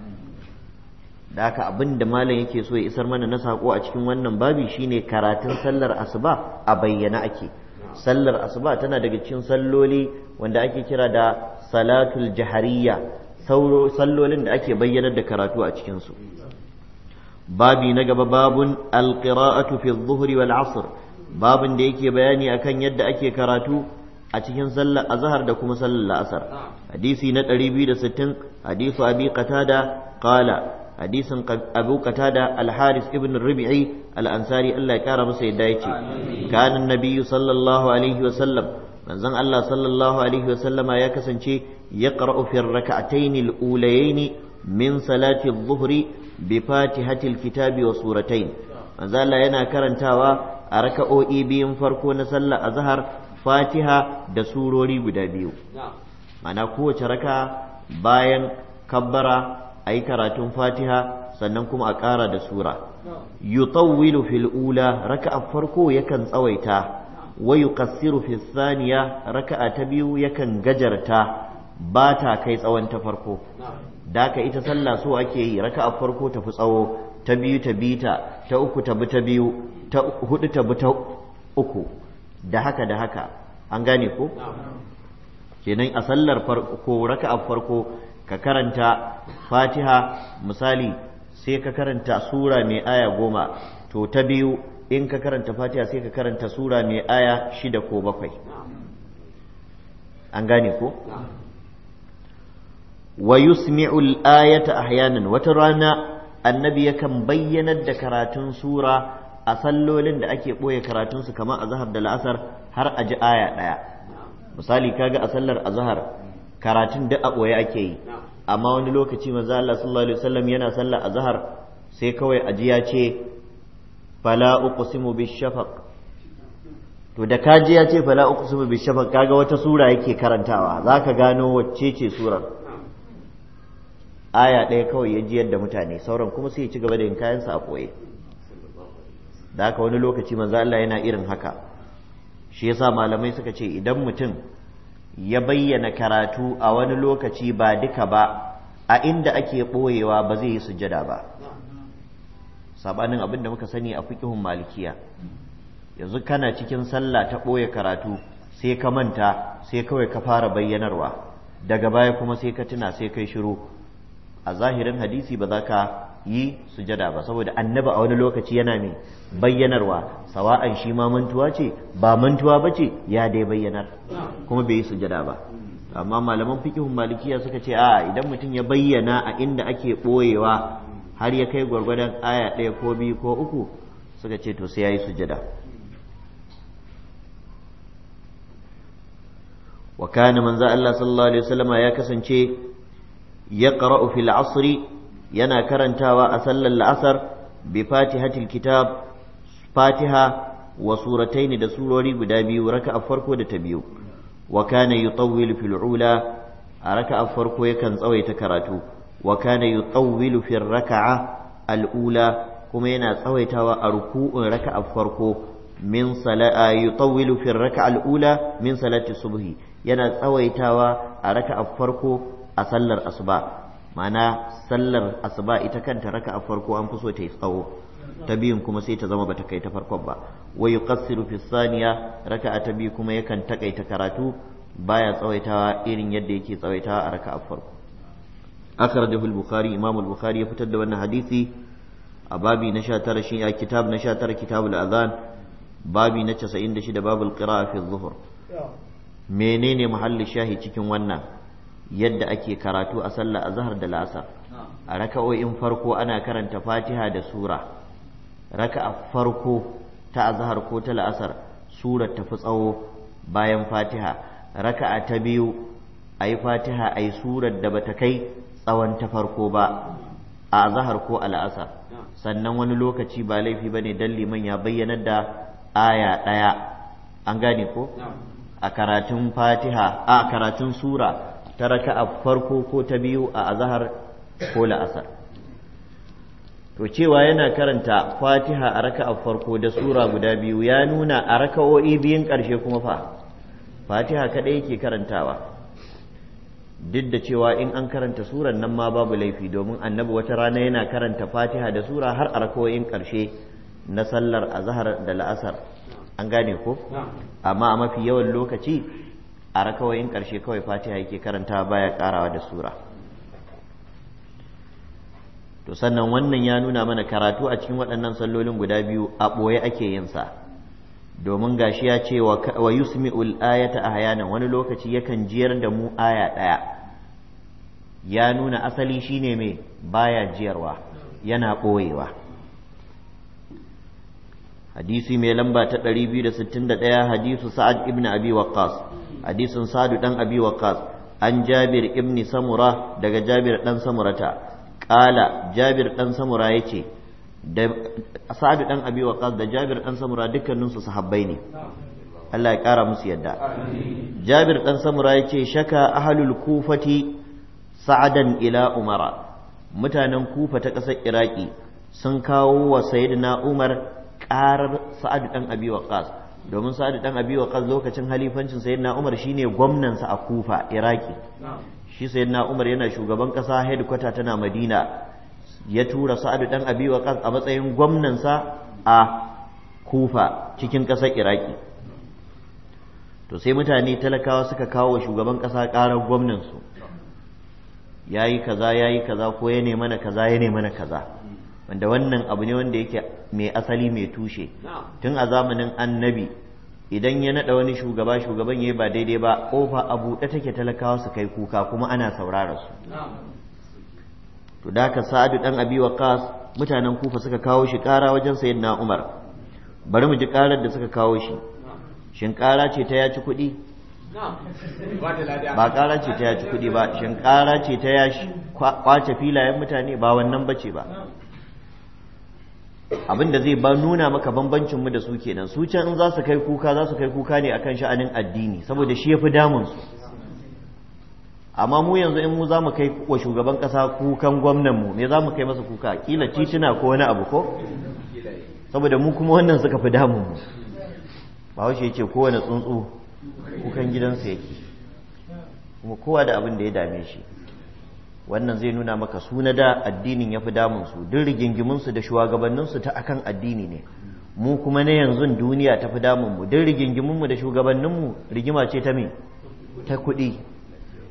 da haka abin da malam yake so ya isar mana na saƙo a cikin wannan babi shine karatun sallar asuba a bayyana ake sallar asuba tana daga cikin salloli wanda ake kira da salatul jahariya sallolin da ake bayyanar da karatu a cikinsu babi na gaba babun alqira'atu fi adh wal 'asr babin da yake bayani akan yadda ake karatu a cikin sallar azhar da kuma sallar la'asar hadisi na 260 hadisu abi qatada qala hadisin abu qatada al-haris ibn rubi'i al-ansari Allah ya kara masa yadda yace kana nabiyyu sallallahu alaihi wa sallam manzon Allah sallallahu alaihi wa sallama ya kasance yaqra'u fi ar-rak'atayn al-ulayayn min salati dhuhri bi fatihatil kitabi wa suratayn manzala yana karantawa a raka'o'i biyun farko na sallah azhar fatiha da surori guda biyu mana kowace raka bayan kabbara ayi karatun fatiha sannan kuma a ƙara da sura yutawwilu fil ula raka'a farko yakan tsawaita wa yuqassiru fi thaniya raka'a ta biyu yakan gajarta ba ta kai tsawon ta farko da ka ita sallah so ake yi raka'a farko ta fi tsawo ta biyu ta bita ta uku ta bi ta biyu ta hudu ta bi ta uku da haka da haka an gane ko kenan a sallar farko raka'a farko ka karanta fatiha misali sai ka karanta sura mai aya goma to ta biyu in ka karanta fatiha sai ka karanta sura mai aya shida ko bakwai an gane ko wa yusmi'ul ayata ahyanan wata rana annabi yakan bayyanar da karatun sura a sallolin da ake ɓoye karatunsu kamar azhar da la'asar har a ji aya ɗaya misali kaga a sallar azhar karatun da a ɓoye ake yi amma wani lokaci manzo Allah sallallahu alaihi wasallam yana sallar azhar sai kawai aji ya ce fala uqsimu bishafaq to da kaji ya ce fala uqsimu bishafaq kaga wata sura yake karantawa zaka gano wacce ce surar aya ɗaya kawai ya jiyar da mutane sauran kuma sai ya ci gaba da yin kayansa a koye da haka wani lokaci manzo Allah yana irin haka shi yasa malamai suka ce idan mutum ya bayyana karatu a wani lokaci ba duka ba a inda ake ɓoyewa ba zai yi sujjada ba sabanin abin da muka sani a fiqhun malikiya yanzu kana cikin sallah ta ɓoye karatu sai ka manta sai kawai ka fara bayyanarwa daga baya kuma sai ka tuna sai kai shiru a zahirin hadisi ba za ka yi sujada ba saboda annaba a wani lokaci yana mai bayyanarwa sawa'an shi ma mantuwa ce ba mantuwa ba ce ya dai bayyanar kuma bai yi sujada ba amma malaman fikihun malikiya suka ce a idan mutum ya bayyana a inda ake ɓoyewa har ya kai gwargwadon aya ɗaya ko biyu ko uku suka ce to sai ya yi sujada wa kana manzo Allah sallallahu alaihi wasallama ya kasance yaqra'u fil asri yana karantawa a sallar la'asar bi fatihatil kitab fatiha wa da surori guda biyu raka'a farko da ta biyu wa kana yutawwilu fil ula a raka'a yakan tsawaita karatu wa kana yutawwilu fil raka'a kuma yana tsawaitawa a ruku'un raka'a farko min sala'a yutawwilu fi raka'a min salati subhi yana tsawaitawa a raka'a farko a sallar asuba ma'ana sallar asuba ita kanta raka a farko an fi so ta yi tsawo ta biyun kuma sai ta zama bata kai ta farkon ba wa yuqassiru fi saniya raka ta biyu kuma yakan takaita karatu baya tsawaitawa irin yadda yake tsawaitawa a a farko akhrajahu al-bukhari imam al-bukhari ya fitar da wannan hadisi a babi na 19 shi a kitab na 19 kitabul azan babi na 96 babul qira'a fi dhuhur menene mahallin shahi cikin wannan yadda ake karatu a sallah azhar da la'asar a raka'o'in farko ana karanta fatiha da sura raka'a farko ta azhar ko ta la'asar surar tafi tsawo bayan fatiha raka'a ta biyu ayi fatiha ayi surar da bata kai tsawon ta farko ba a azhar ko a la'asar sannan wani lokaci ba laifi bane dan liman ya bayyana da aya ɗaya an gane ko a karatun fatiha a karatun sura ta raka'a farko ko ta biyu a azahar ko la'asar to cewa yana karanta fatiha a raka'a farko da sura guda biyu ya nuna a raka'o'i biyun karshe kuma fa fatiha kaɗai yake karantawa duk da cewa in an karanta surar nan ma babu laifi domin annabi wata rana yana karanta fatiha da sura har a rakoyin ƙarshe na sallar azahar da la'asar an gane ko amma a mafi yawan lokaci kawai in ƙarshe kawai fatiha yake karanta baya karawa da sura to sannan wannan ya nuna mana karatu a cikin waɗannan sallolin guda biyu a ɓoye ake yin sa domin gashi ya ce wa yusmi'ul ayata ahyana wani lokaci yakan jiyar da mu aya ɗaya ya nuna asali shine mai baya jiyarwa yana ɓoyewa hadisi mai lamba ta 261 hadisu sa'ad ibn abi waqqas hadisin sadu dan abi waqas an jabir ibn samura daga jabir dan samurata qala jabir dan samura yace da sadu dan abi waqas da jabir dan samura dukkanin su sahabbai ne Allah ya kara musu yadda jabir dan samura yace shaka ahlul kufati sa'adan ila umara mutanen kufa ta ƙasar iraki sun kawo wa sayyidina umar ƙarar sa'ad dan abi waqas domin sa'adu dan abi waqas lokacin halifancin sayyidina umar shine gwamnansa a kufa iraki shi sayyidina umar yana shugaban kasa headquarter tana madina ya tura sa'adu dan abi waqas a matsayin gwamnansa a kufa cikin kasar iraki to sai mutane talakawa suka kawo shugaban kasa karar su yayi kaza yayi kaza ko ya ne mana kaza ya ne mana kaza wanda wannan abu ne wanda yake mai asali mai tushe tun a zamanin annabi idan ya naɗa wani shugaba shugaban yi ba daidai ba kofa a buɗe take talakawa su kai kuka kuma ana saurara su to da ka sa'adu dan abi waqas mutanen kufa suka kawo shi ƙara wajen na, umar bari mu ji ƙarar da suka kawo shi shin ƙara ce ta yaci kuɗi ba ƙara ce ta yaci kuɗi ba shin ƙara ce ta yaci kwace filayen mutane ba wannan bace ba abin da zai ba nuna maka bambancin mu da su kenan su can in za su kai kuka za su kai kuka ne akan sha'anin addini saboda shi yafi damun su amma mu yanzu in mu za mu kai wa shugaban kasa kukan gwamnan mu me za mu kai masa kuka kila titina ko wani abu ko saboda mu kuma wannan suka fi damun mu bahaushe ya ce kowane tsuntsu kukan gidansa yake kuma kowa da abin da ya dame shi wannan zai nuna maka suna na da addinin ya fi damunsu duk rigingiminsu da shugabanninsu ta akan addini ne mu kuma na yanzu duniya ta fi damunmu duk rigingiminmu da shugabanninmu rigima ce ta me ta kuɗi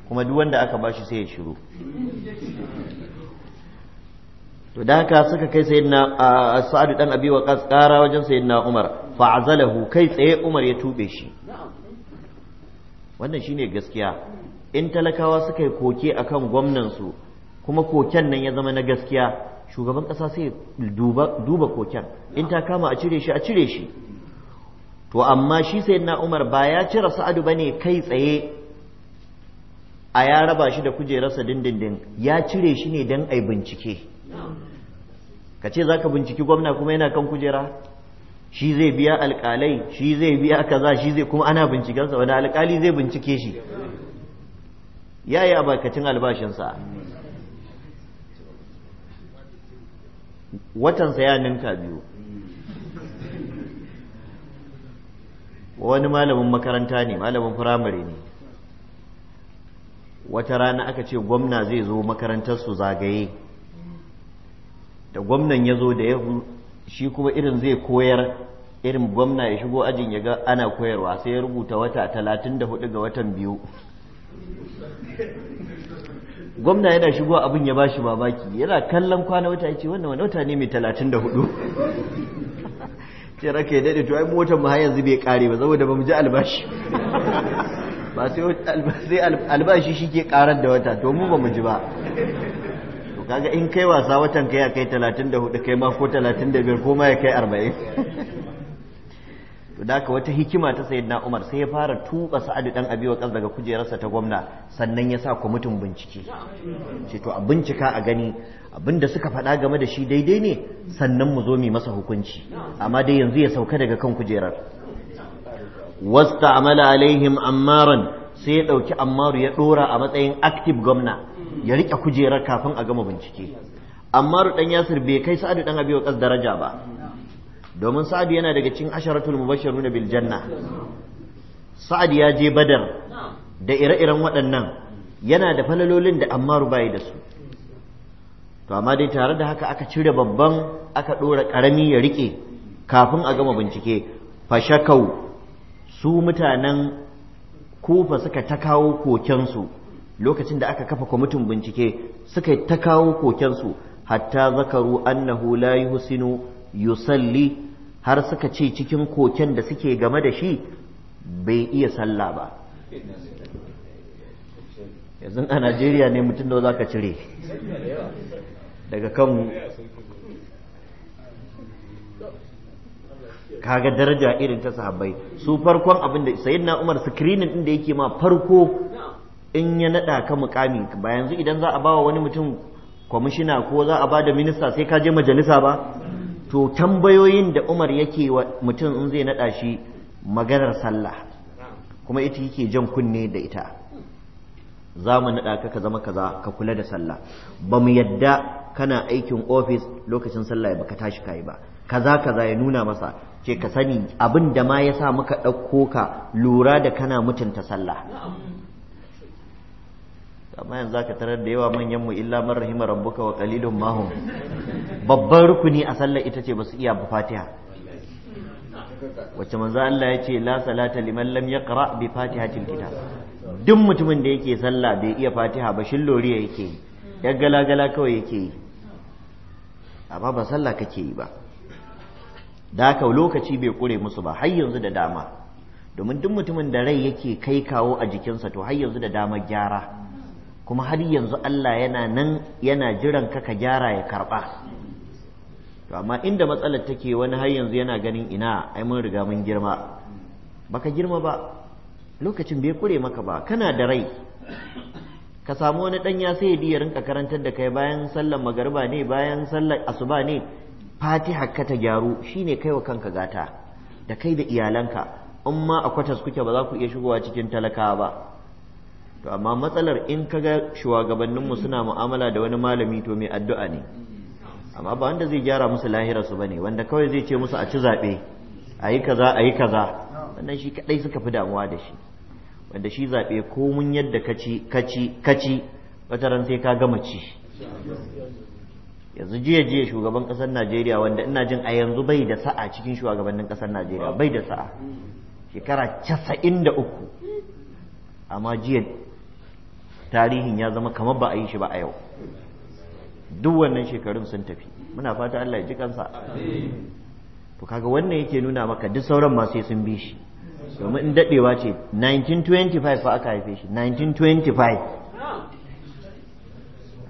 kuma duk wanda aka bashi sai ya shiru to da haka suka kai sayyidina sa'adu dan abi wa ƙara wajen sayyidina umar fa'azalahu kai tsaye umar ya tube shi wannan shine gaskiya in talakawa suka yi koke a kan gwamnansu kuma koken nan ya zama na gaskiya shugaban ƙasa sai duba, koken in ta kama a cire shi a cire shi to amma shi sai na umar ba ya cire sa'adu ba ne kai tsaye a ya raba shi da kujerarsa dindindin ya cire shi ne don ai bincike ka ce za ka binciki gwamna kuma yana kan kujera shi zai biya alkalai shi zai biya kaza shi zai kuma ana bincikensa wani alkali zai bincike shi ya yi abarkacin albashinsa watansa ya ninka biyu wani malamin makaranta ne malamin firamare ne wata rana aka ce gwamna zai zo makarantarsu zagaye da gwamnan ya zo da ya shi kuma irin zai koyar irin gwamna ya shigo ajin ya ga ana koyarwa sai ya rubuta wata talatin da hudu ga watan biyu gwamna yana shigo abin ya bashi babaki yana kallon kwana wata ya ce wannan wani wata ne mai talatin da hudu ce raka ya daɗe to ai motar mu har yanzu bai kare ba saboda ba mu ji albashi ba sai albashi shi ke karar da wata to mu ba mu ji ba to kaga in kai wasa watan kai ya kai talatin da hudu kai ma ko talatin da biyar ko ma ya kai arba'in to da haka wata hikima ta sayyidina Umar sai ya fara tuba Sa'adu dan Abi kas daga kujerarsa ta gwamna sannan ya sa kwamitin bincike ce to a bincika a gani abinda suka faɗa game da shi daidai ne sannan mu zo mu masa hukunci amma dai yanzu ya sauka daga kan kujerar wasta'mala alaihim ammaran sai ya ɗauki ammaru ya ɗora a matsayin active gwamna ya rike kujerar kafin a gama bincike ammaru ɗan yasir bai kai sa'adu Dan abi waqas daraja ba domin sa'ad yana daga cikin asharatul mubashshirun bil janna sa'ad ya je badar da ire-iren waɗannan yana da falalolin da ammaru bai da su to amma dai tare da haka aka cire babban aka ɗora ƙarami ya riƙe kafin a gama bincike fashakau su mutanen kufa suka ta kawo kokensu lokacin da aka kafa kwamitin bincike suka ta kawo kokensu hatta zakaru annahu la yuhsinu yusalli har suka ce cikin koken da suke game da shi bai iya sallah ba yanzu a najeriya ne mutum da za ka cire daga kan kaga daraja irin ta sahabbai su farkon abin da na umar screening din da yake ma farko in ya naɗa ka mukami ba yanzu idan za a ba wa wani mutum kwamishina ko za a ba da minista sai ka je majalisa ba to tambayoyin da Umar yake wa mutum in zai naɗa shi maganar sallah kuma ita yake jan kunne da ita za mu nada ka ka zama kaza ka kula da sallah ba mu yadda kana aikin ofis lokacin sallah ba ka tashi kai ba kaza kaza ya nuna masa ce ka sani abin da ma ya sa muka ɗauko ka lura da kana mutunta sallah amma yanzu zaka tarar da yawa manyan mu illa man rahima rabbuka wa qalilun mahum babban rukuni a sallar ita ce basu iya fatiha wacce manzo Allah ya ce la salata liman lam yaqra bi fatihatil kitab duk mutumin da yake sallah bai iya fatiha ba shin loriya yake yi yar gala-gala kawai yake yi amma ba sallah kake yi ba da haka lokaci bai kure musu ba har yanzu da dama domin duk mutumin da rai yake kai kawo a jikinsa to har yanzu da dama gyara kuma har yanzu Allah yana nan yana jiran ka ka gyara ya karɓa to amma inda matsalar take wani har yanzu yana ganin ina ai mun riga mun girma baka girma ba lokacin bai kure maka ba kana da rai ka samu wani dan ya sai ya rinka karantar da kai bayan sallar magariba ne bayan sallar asuba ne fatiha ka ta gyaru shine kai wa kanka gata da kai da iyalanka in a kwatas kuke ba za ku iya shigowa cikin talakawa ba to amma matsalar in kaga shugabanninmu suna mu'amala da wani malami to mai addu'a ne amma ba wanda zai gyara musu lahira su bane wanda kawai zai ce musu a ci zaɓe a yi kaza a yi kaza wannan shi kadai suka fi damuwa da shi wanda shi zaɓe mun yadda kaci kaci kaci wata sai ka gama ci yanzu jiya jiya shugaban ƙasar najeriya wanda ina jin a yanzu bai da sa'a cikin shugabannin ƙasar najeriya bai da sa'a shekara casa'in da uku amma jiya tarihin ya zama kamar ba a yi shi ba a yau duk wannan shekarun sun tafi muna fata Allah ya ji kansa to kaga wannan yake nuna maka duk sauran ma sai sun bi shi domin in dadewa ce 1925 fa aka haife shi 1925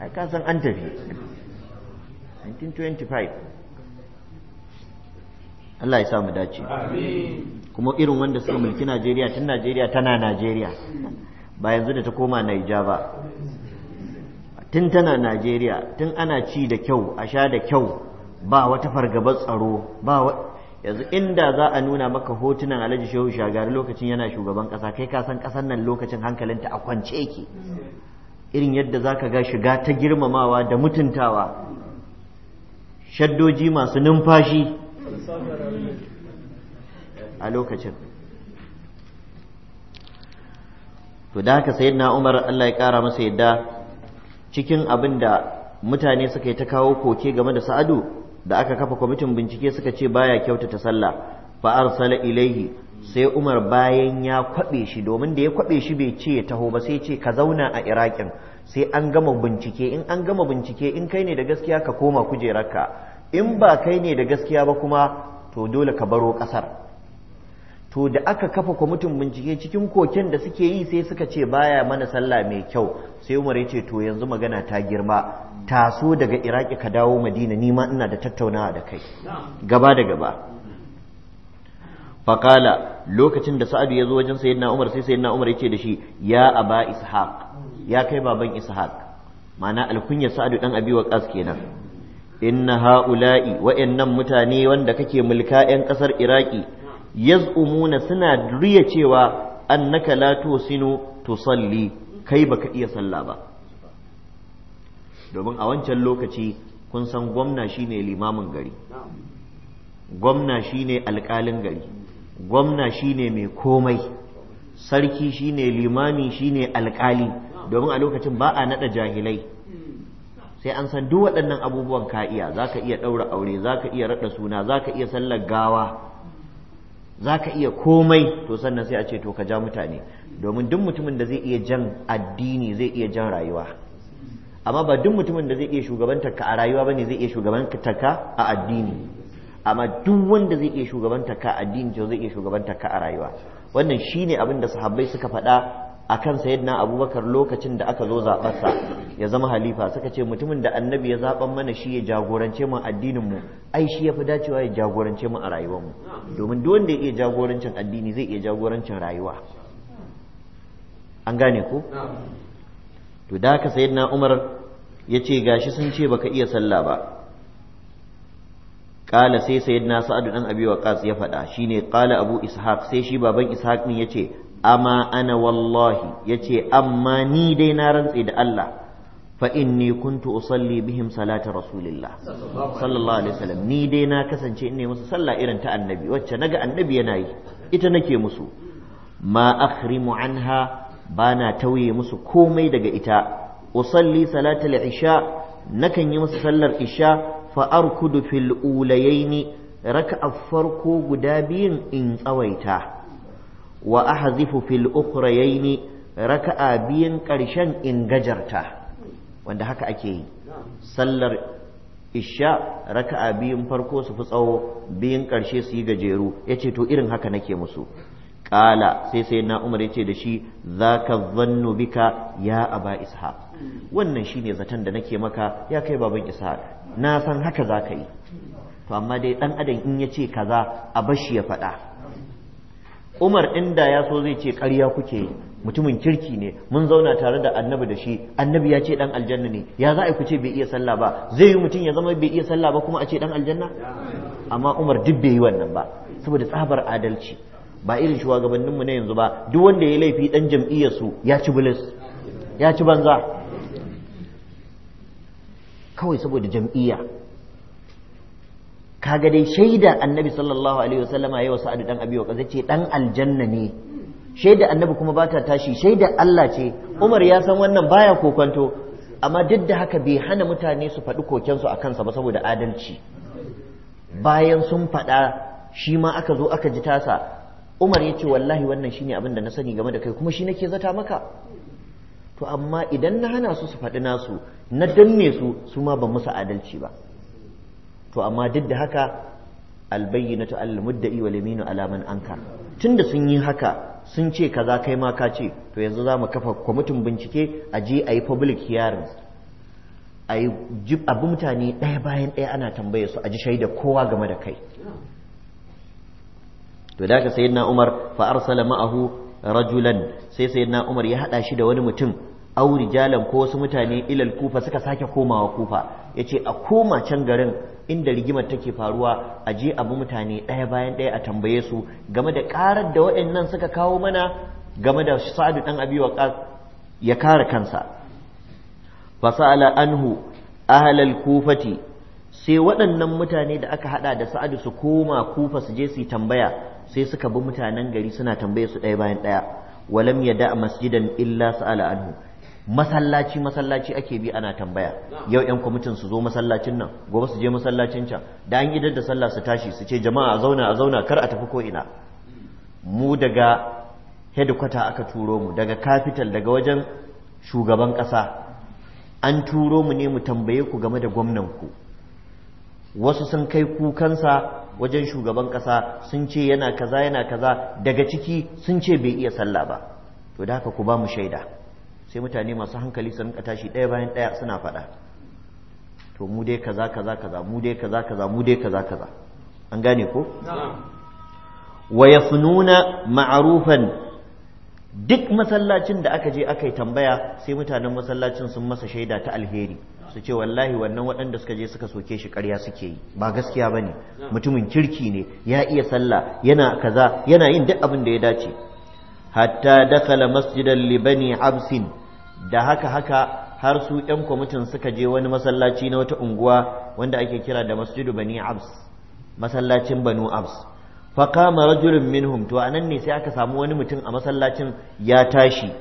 ai ka san an tafi 1925 Allah ya sa mu dace kuma irin wanda suka mulki Najeriya tun Najeriya tana Najeriya ba yanzu da ta koma naija ba tun tana najeriya tun ana ci da kyau a sha da kyau ba wata fargabar tsaro ba yanzu inda za a nuna maka hotunan alhaji shehu shagari lokacin yana shugaban kasa kai ka san kasan nan lokacin hankalinta a kwance yake irin yadda za ka ga shiga ta girmamawa da mutuntawa shaddoji masu numfashi a lokacin to da haka sayyidina Umar Allah ya kara masa yadda cikin abin da mutane suka yi ta kawo koke game da Sa'adu da aka kafa kwamitin bincike suka ce baya ta sallah fa arsala ilaihi sai Umar bayan ya kwabe shi domin da ya kwabe shi bai ce ya taho ba sai ce ka zauna a Irakin sai an gama bincike in an gama bincike in kai ne da gaskiya ka koma kujerarka in ba kai ne da gaskiya ba kuma to dole ka baro kasar to da aka kafa kwamitin bincike cikin koken da suke yi sai suka ce baya mana sallah mai kyau sai umar ya ce to yanzu magana ta girma taso daga iraki ka dawo madina nima ina da tattaunawa da kai gaba da gaba faƙala lokacin da sa'adu ya zo wajen sayyidina umar sai sayyidina umar ya da shi ya aba ishaq ya kai baban ishaq ma'ana alkunya sa'adu dan abi waqas kenan inna ha'ula'i wa'annan mutane wanda kake mulka 'yan ƙasar iraki yaz'umuna suna riya cewa annaka la tusinu tusalli kai baka iya sallah ba domin a wancan lokaci kun san gwamna shine limamin gari gwamna shine alƙalin gari gwamna shine mai komai sarki shine limami shine alƙali domin a lokacin ba a naɗa jahilai sai an san duk waɗannan abubuwan ka'iya iya za iya ɗaura aure zaka iya raɗa suna zaka iya sallar gawa za ka iya komai to sannan sai a ce to ka ja mutane domin duk mutumin da zai iya jan addini zai iya jan rayuwa amma ba duk mutumin da zai iya shugabantar ka a rayuwa bane zai iya shugabantar ka a addini amma duk wanda zai iya shugabantar ka a addini to zai iya shugabantar ka a rayuwa wannan shine abin da sahabbai suka faɗa a akan sayyidina abubakar lokacin da aka zo zaɓarsa ya zama halifa suka ce mutumin da annabi ya zaɓan mana shi ya jagorance mu addinin mu ai shi ya fi dacewa ya jagorance mu a rayuwar mu domin duk wanda ya iya jagorancin addini zai iya jagorancin rayuwa an gane ko to da haka sayyidina umar ya ce gashi sun ce baka iya sallah ba kala sai sayyidina sa'ad dan abi waqas ya faɗa shine kala abu ishaq sai shi baban ishaq ya yace amma ana wallahi yace amma ni dai na rantse da Allah fa inni kuntu usalli bihim salata rasulillah sallallahu alaihi wasallam ni dai na kasance ina musu sallah irin ta annabi wacce naga annabi yana yi ita nake musu ma akhrimu anha bana tauye musu komai daga ita usalli salatal isha nakan yi musu sallar isha fa arkudu fil ulayaini raka'a farko guda biyun in tsawaita wa ahzifu fil raka'a biyan ƙarshen in gajarta wanda haka ake yi sallar isha raka'a biyun farko su fi tsawo biyun ƙarshe su yi gajeru yace to irin haka nake musu Ƙala sai sai na umar ya ce da shi za ka zannu bika ya aba ishaq wannan shine zaton da nake maka ya kai baban ishaq na san haka za ka yi to amma dai ɗan adam in ya ce kaza a bashi ya faɗa umar inda ya so zai ce ƙarya kuke yi mutumin kirki ne mun zauna tare da annabi da shi annabi ya ce ɗan aljanna ne ya za a ku ce bai iya sallah ba zai yi mutum ya zama bai iya sallah ba kuma a ce ɗan aljanna amma umar duk bai yi wannan ba saboda tsabar adalci ba irin shugabanninmu na yanzu ba duk wanda ya laifi ɗan jam'iyyarsu ya ci bilis ya ci banza kawai saboda jam'iyya kaga dai shaida annabi sallallahu alaihi wasallama yayi wasu adu dan abi wa ce dan aljanna ne Shaida annabi kuma ba ta tashi Shaida Allah ce Umar ya san wannan baya kokonto amma duk da haka bai hana mutane su faɗi kokensu a kansa ba saboda adalci bayan sun faɗa shi ma aka zo aka ji tasa Umar ya ce wallahi wannan shine abin da na sani game da kai kuma shi nake zata maka to amma idan na hana su su faɗi nasu na danne su su ma ban musu adalci ba to amma duk da haka albayyinatu al mudda'i wal yaminu ala man anka tunda sun yi haka sun ce kaza kai ma ka ce to yanzu zamu kafa kwamitin bincike a je a yi public hearings a yi abu mutane ɗaya bayan ɗaya ana tambaye su a ji shaida kowa game da kai to da ka sayyidina umar fa arsala ma'ahu rajulan sai sayyidina umar ya hada shi da wani mutum au rijalan ko wasu mutane ilal kufa suka sake komawa kufa yace a koma can garin inda rigimar take faruwa a je abu mutane ɗaya bayan ɗaya a tambaye su game da ƙarar da waɗannan suka kawo mana game da sa'adu ɗan abi ya kare kansa fasala anhu ahlal kufati sai waɗannan mutane da aka haɗa da sa'adu su koma kufa su je su tambaya sai suka bi mutanen gari suna tambaye su ɗaya bayan ɗaya walam yada masjidan illa sa'ala masallaci masallaci ake bi ana tambaya yau yan kwamitin su zo masallacin nan gobe su je masallacin can da an idar da sallah su tashi su ce jama'a a zauna a zauna kar a tafi ko ina mu daga headquarter aka turo mu daga capital daga wajen shugaban ƙasa an turo mu ne mu tambaye ku game da gwamnanku wasu sun kai kukansa wajen shugaban ƙasa sun ce yana kaza yana kaza daga ciki sun ce bai iya sallah ba to da haka ku ba mu shaida sai mutane masu hankali su rinka tashi ɗaya bayan ɗaya suna faɗa to mu dai kaza kaza kaza mu dai kaza kaza mu dai kaza kaza an gane ko wa yasnuna ma'rufan duk masallacin da aka je aka yi tambaya sai mutanen masallacin sun masa shaida ta alheri su ce wallahi wannan waɗanda suka je suka soke shi ƙarya suke yi ba gaskiya bane mutumin kirki ne ya iya sallah yana kaza yana yin duk abin da ya dace hatta dakala masjidan libani absin da haka haka har su 'yan kwamitin suka je wani masallaci na wata unguwa wanda ake kira da masjidu bani abs masallacin banu abs faƙama rajulun minhum to anan ne sai aka samu wani mutum a masallacin ya tashi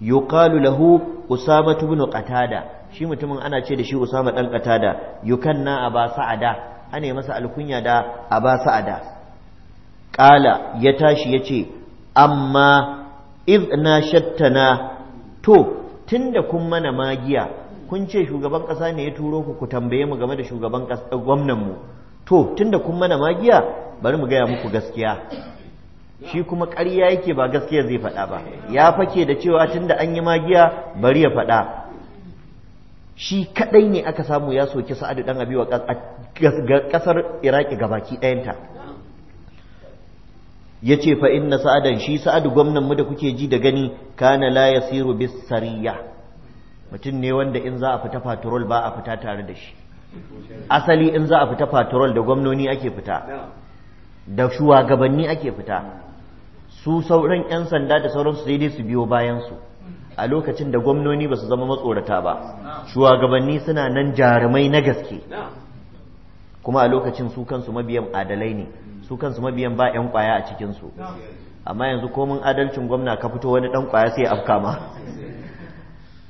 yuqalu lahu usama ibn qatada shi mutumin ana ce da shi usama dan qatada yukanna aba sa'ada ana masa alkunya da aba sa'ada Ƙala ya tashi yace amma idna shattana to tun da kun mana magiya kun ce shugaban ƙasa ne ya turo ku ku tambaye mu game da shugaban eh, gwamnan mu to tun da kun mana magiya bari mu gaya muku gaskiya shi kuma ƙarya yake ba gaskiya zai faɗa ba ya fake da cewa tun da an yi magiya bari ya faɗa shi kaɗai ne aka samu ya soki sa'adu ɗan abi wa ƙasar iraki gabaki ɗayanta ya ce fa inna sa'adan shi sa'adu gwamnan mu da kuke ji da gani kana la yasiru bis sariya mutum ne wanda in za a fita faturol ba a fita tare da shi asali in za a fita faturol da gwamnoni ake fita da shugabanni ake fita su sauran 'yan sanda da sauransu sai dai su biyo bayansu a lokacin da gwamnoni ba su zama matsorata ba shugabanni suna nan jarumai na gaske kuma a lokacin su kansu mabiyan adalai ne su kansu mabiyan ba 'yan kwaya a cikinsu amma yanzu komin adalcin gwamna ka fito wani ɗan kwaya sai afka ma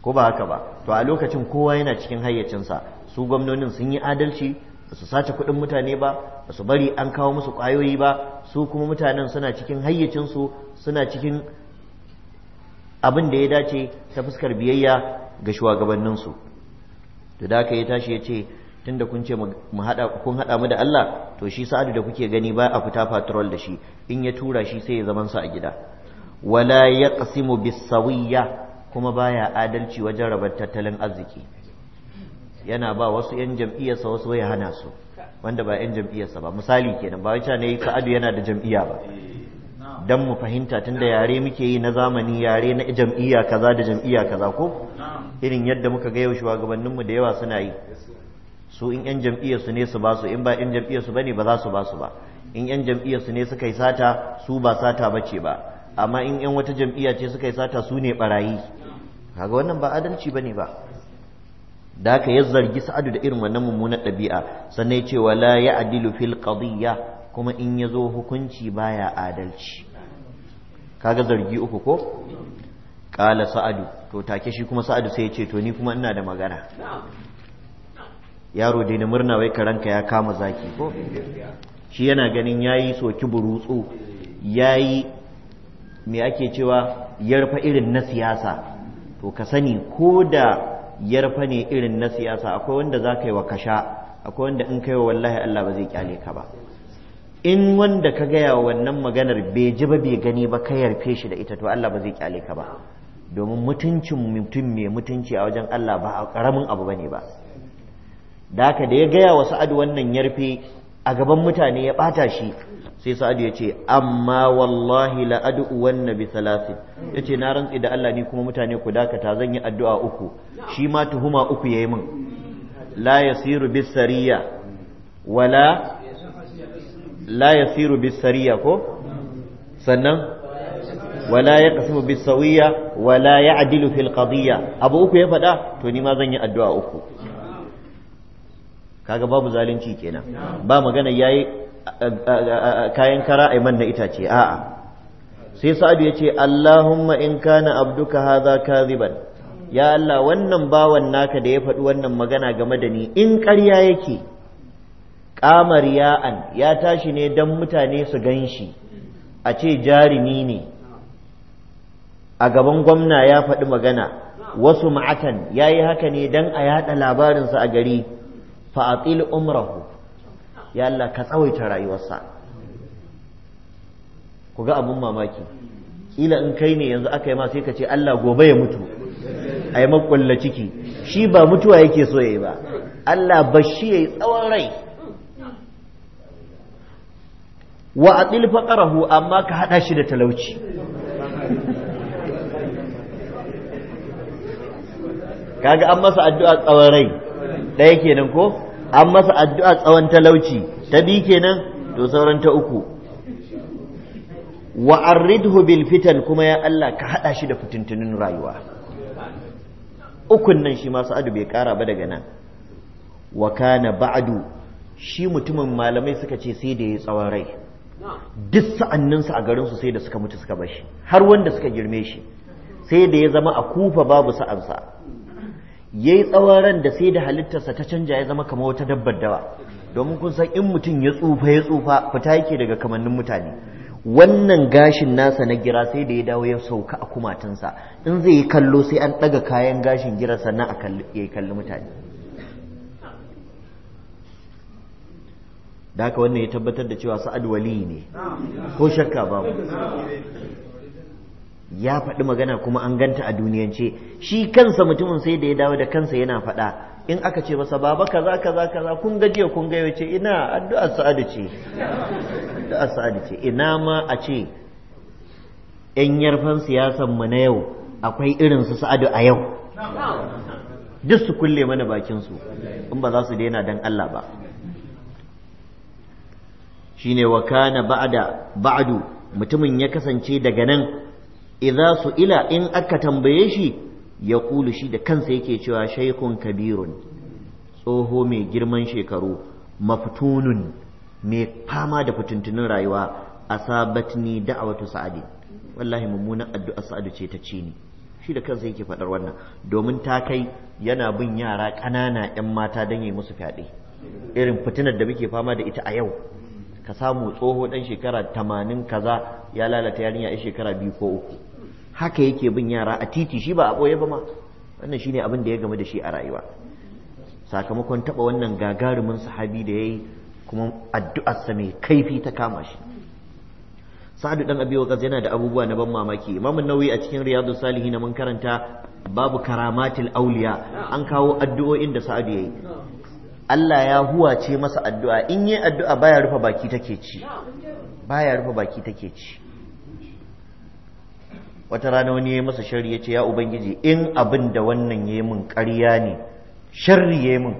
ko ba haka ba to a lokacin kowa yana cikin hayyacinsa su gwamnonin sun yi adalci ba su sace kuɗin mutane ba ba su bari an kawo musu kwayoyi ba su kuma mutanen suna cikin hayyacinsu suna cikin abin da ya dace ta fuskar biyayya ga shugabanninsu da da aka ya tashi ya ce tunda kun ce mu hada kun hada mu da Allah to shi sa'adu da kuke gani ba a fita patrol da shi in ya tura shi sai ya zaman sa a gida wala yaqsimu bisawiyya kuma baya adalci wajen rabar tattalin arziki yana ba wasu yan jam'iyyarsa wasu ya hana su wanda ba yan jam'iyyarsa ba misali kenan ba wacce ne sa'adu yana da jam'iyya ba dan mu fahimta tunda yare muke yi na zamani yare na jam'iyya kaza da jam'iyya kaza ko irin yadda muka ga yau shugabanninmu da yawa suna yi su in yan jam'iyyar su ne su ba su in ba yan jam'iyyar su bane ba za su ba su ba in yan jam'iyyar su ne suka yi sata su ba sata bace ba amma in yan wata jam'iyya ce suka yi sata su ne barayi kaga wannan ba adalci bane ba da haka ya zargi sa'adu da irin wannan mummunar ɗabi'a sannan ya ce wala ya adilu fil qadiyya kuma in ya zo hukunci baya adalci kaga zargi uku ko ƙala sa'adu to take shi kuma sa'adu sai ya ce to ni kuma ina da magana yaro dai na murna wai karanka ya kama zaki ko shi yana ganin yayi soki burutsu yayi me ake cewa yarfa irin na siyasa to ka sani ko da yarfa ne irin na siyasa akwai wanda za ka yi wa kasha akwai wanda in kai wa wallahi Allah ba zai kyale ka ba in wanda ka gaya wa wannan maganar bai ji ba bai gani ba ka yarfe shi da ita to Allah ba zai kyale ka ba domin mutuncin mutum mai mutunci a wajen Allah ba a karamin abu bane ba da haka da ya gaya wa sa'ad wannan yarfe a gaban mutane ya ɓata shi sai sa'ad ya ce amma wallahi la'adu wannan bi salasi. ya ce na rantsi da Allah ni kuma mutane ku dakata zan yi addu'a uku shi ma tuhuma uku ya yi min la yasiru bis sariya sariya ko sannan wala ya kasimu bis sawiya wala ya adilu fil qadiyya abu uku ya faɗa to ni ma zan yi addu'a uku kaga babu zalunci kenan ba magana yayi kayan kara ai man na itace a'a sai sa'adu ya ce Allahumma in kana abduka hadha kadhiban ya Allah wannan bawan naka da ya faɗi wannan magana game da ni in ƙarya yake ƙamar ya'an ya tashi ne don mutane su ganshi. a ce jarumi ne a gaban gwamna ya faɗi magana wasu ma'akan ya yi haka ne dan a yaɗa labarinsa a gari fa umrahu ya Allah ka tsawaita rayuwarsa ku ga abun mamaki Ila in kai ne yanzu aka yi ma sai ka ce Allah gobe ya mutu a yi makwalla ciki shi ba mutuwa yake so ya yi ba Allah ba shi ya yi tsawon rai wa a faƙarahu amma ka haɗa shi da talauci Ka ga an masa addu'a tsawon rai ɗaya kenan ko an masa addu'a tsawon talauci ta bi kenan to sauran ta uku wa arridhu bil fitan kuma ya Allah ka haɗa shi da fitintunin rayuwa ukun nan shi masu adu bai kara ba daga nan wa kana ba'du shi mutumin malamai suka ce sai da ya tsawon rai duk sa'anninsa a garinsu sai da suka mutu suka bashi har wanda suka girme shi sai da ya zama a kufa babu sa'ansa yayi tsawon ran da sai da halittarsa ta canja ya zama kamar wata dabbar dawa domin kun san in mutum ya tsufa ya tsufa fita yake daga kamannin mutane wannan gashin nasa na gira sai da ya dawo ya sauka a kumatunsa in zai yi kallo sai an ɗaga kayan gashin gira sannan a ya kalli mutane da haka wannan ya tabbatar da cewa sa'ad wali ne ko shakka babu ya faɗi magana kuma an ganta a duniyance shi kansa mutumin sai da ya dawo da kansa yana faɗa in aka ce masa baba kaza kaza kaza kun ga jiya kun ga ce ina addu'ar sa'adu ce addu'ar sa'adu ce ina ma a ce yan yarfan siyasan mu na yau akwai irin su sa'adu a yau duk su kulle mana bakin su in ba za su daina dan Allah ba shine wa kana ba'da ba'du mutumin ya kasance daga nan idza ila in aka tambaye shi ya kulu shi da kansa yake cewa shaykhun kabirun tsoho mai girman shekaru maftunun mai fama da fitintunin rayuwa asabatni da'awatu sa'adi wallahi mummunan addu'a sa'adu ce ta ce ni shi da kansa yake faɗar wannan domin ta kai yana bin yara ƙanana 'yan mata don yi musu fyaɗe irin fitinar da muke fama da ita a yau ka samu tsoho ɗan shekara tamanin kaza ya lalata yarinya a shekara biyu ko uku haka yake bin yara a titi shi ba a ɓoye ba ma wannan shine abin da ya game da shi a rayuwa sakamakon taɓa wannan gagarumin sahabi da ya yi kuma addu'arsa mai kaifi ta kama shi sa'adu ɗan abi waƙas yana da abubuwa na ban mamaki imamun nauyi a cikin riyadu na mun karanta babu karamatil auliya an kawo addu'o'in da sa'adu ya yi. Allah ya huwace masa addu'a in yi addu'a baya rufe baki take ci baya rufe baki take ci wata rana wani ya yi masa shari ya ce ya ubangiji in abin da wannan ya yi min ƙarya ne shari ya min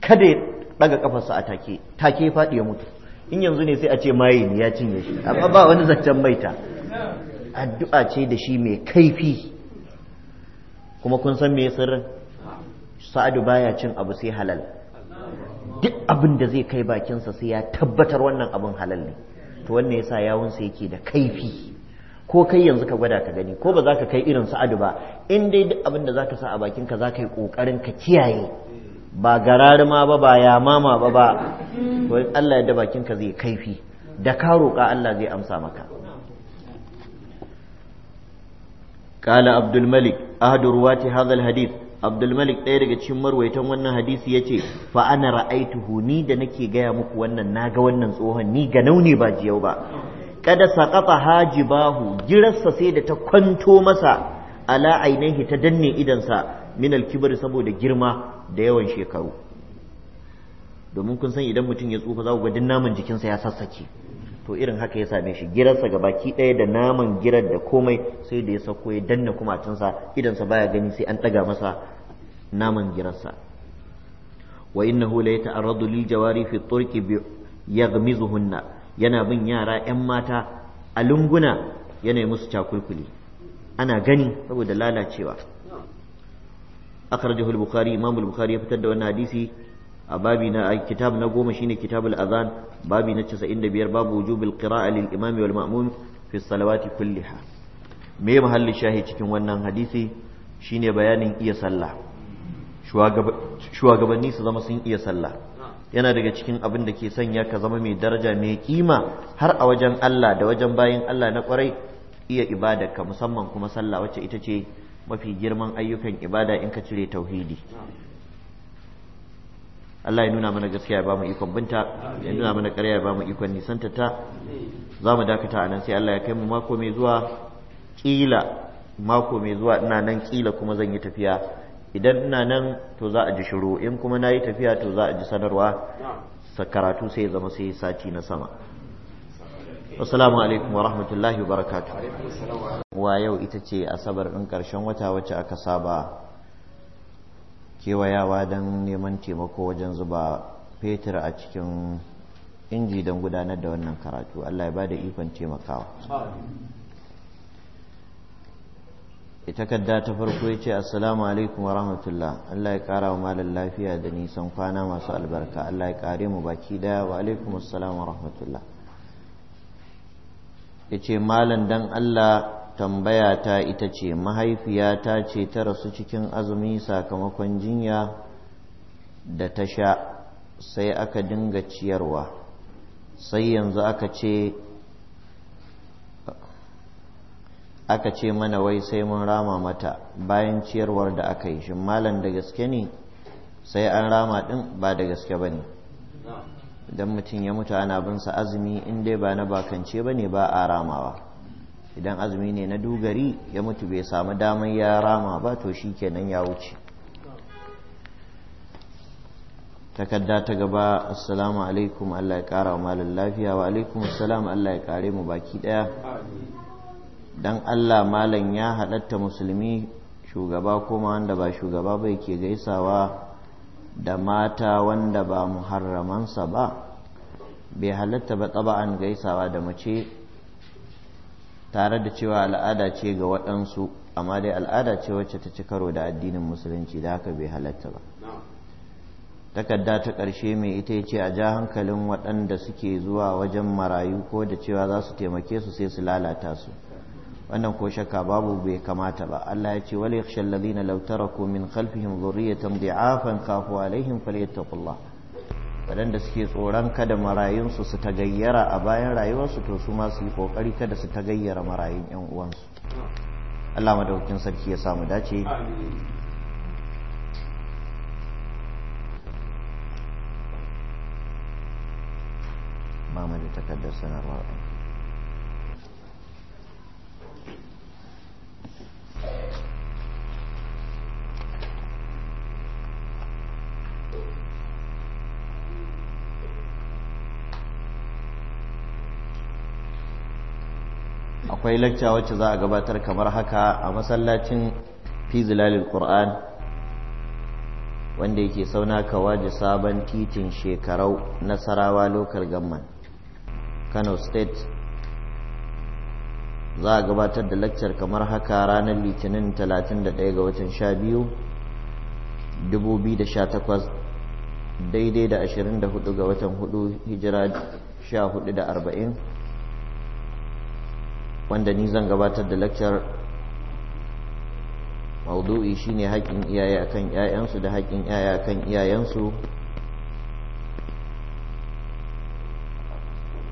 kada ya ɗaga ƙafarsa a take take faɗi ya mutu in yanzu ne sai a ce maye ne ya cinye shi amma ba wani zancen maita addu'a ce da shi mai kaifi kuma kun san me sirrin sa'adu baya cin abu sai halal duk abin da zai kai bakinsa sai ya tabbatar wannan abin halal ne to wannan yasa yawunsa yake da kaifi ko kai yanzu ka gwada ka gani ko ba za ka kai irin sa'adu ba in dai duk abin da za ka sa a bakinka za ka yi ƙoƙarin ka kiyaye ba gararima ba ba ya mama ba ba to Allah ya da bakinka zai kaifi da ka roƙa Allah zai amsa maka قال عبد الملك أحد رواة هذا الحديث Abdulmalik ɗaya daga cikin marwaitan wannan hadisi ya ce fa ana ra'aituhu ni da nake gaya muku wannan naga wannan tsohon ni ga nauni ba jiyau ba kada saƙafa hajibahu girarsa sai da ta kwanto masa ala ainihi ta danne idansa min alkibar saboda girma da yawan shekaru domin kun san idan mutum ya tsufa za ku ga naman jikinsa ya sassake to irin haka ya same shi girarsa ga baki ɗaya da naman girar da komai sai da ya sauko ya danna idan idansa baya gani sai an ɗaga masa naman girarsa wa innahu la yata'arradu lil jawari fi turqi bi yaghmizuhunna yana bin yara yan mata a lunguna yana musu cakulkuli ana gani saboda lalacewa akhrajahu al-bukhari imam al ya fitar da wannan hadisi a babi na kitab na goma shine al azan babi na 95 babu wujubil qira'a lil imami wal ma'mum fi salawati kulliha me mahalli shahi cikin wannan hadisi shine bayanin iya sallah shugabanni su zama sun iya sallah yana daga cikin abin da ke sanya ka zama mai daraja mai kima har a wajen Allah da wajen bayin Allah na kwarai iya ibada ka musamman kuma sallah wacce ita ce mafi girman ayyukan ibada in ka cire tauhidi Allah ya nuna mana gaskiya ya bamu ikon binta ya nuna mana ƙarya ya bamu ikon nisanta ta za mu dakata a nan sai Allah ya kai mu mako mai zuwa ƙila mako mai zuwa ina nan ƙila kuma zan yi tafiya idan ina nan to za a ji shiru in kuma na yi tafiya to za a ji sanarwa karatu sai ya zama sai sati na sama Assalamu alaikum wa rahmatullahi wa barakatuh. Wa yau ita ce asabar ɗin ƙarshen wata wacce aka saba kewayawa don neman taimako wajen zuba fetur a cikin inji don gudanar da wannan karatu Allah ya ba da ikon taimakawa ita kadda ta farko ya ce assalamu alaikum wa rahmatullah Allah ya kara wa malar lafiya da nisan kwana masu albarka Allah ya kare mu baki daya wa alaikum assalamu wa rahmatullah ya ce malam don Allah tambaya ta ita ce mahaifiya ta ce ta rasu cikin azumi sakamakon jinya da ta sha sai aka dinga ciyarwa sai yanzu aka ce aka ce mana wai sai mun rama mata bayan ciyarwar da aka yi shin malam da gaske ne sai an rama din ba da gaske ba ne don mutum ya mutu ana binsa azumi in dai ba na bakance ba ne ba a ramawa idan azumi ne na dogari ya mutu bai samu damar ya rama ba to shi kenan ya wuce takarda ta gaba assalamu alaikum allah ya kara wa malin lafiya wa alaikum assalamu allah ya kare mu baki daya dan allah malam ya halatta musulmi shugaba kuma wanda ba shugaba bai ke gaisawa da mata wanda ba muharramansa ba bai halatta ba an gaisawa da mace tare da cewa al'ada ce ga waɗansu amma dai al'ada ce wacce ta ci karo da addinin musulunci da haka bai halatta ba takarda ta ƙarshe mai ita ce a ja hankalin waɗanda suke zuwa wajen marayu ko da cewa za su taimake su sai su lalata su wannan ko shakka babu bai kamata ba Allah ya ce wala yakhshal ladina law taraku min khalfihim dhurriyatan di'afan khafu alaihim falyattaqullah waɗanda suke tsoron kada marayunsu su ta gayyara a bayan rayuwarsu to su ma su yi ƙoƙari kada su ta gayyara marayun 'yan uwansu Allah madaukakin sarki ya samu dace mamadu takardar sanarwar aiki akwai lacca wacce za a gabatar kamar haka a masallacin fi zilalil qur'an wanda yake sauna kawa da sabon titin shekarau nasarawa local government kano state za a gabatar da laccar kamar haka ranar litinin 31 ga watan 12 2018 daidai da 24 ga watan 4 hijira 14 da 40 wanda ni zan gabatar da lakcar maudu'i shine haƙƙin iyaye akan iyayensu da haƙƙin iyaye akan iyayensu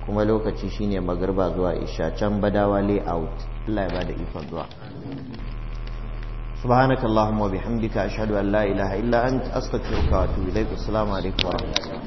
kuma lokaci shine magarba zuwa isha can badawa layout Allah ya bada ikon zuwa سبحانك اللهم وبحمدك أشهد أن لا إله إلا أنت أستغفرك وأتوب إليك السلام عليكم ورحمة الله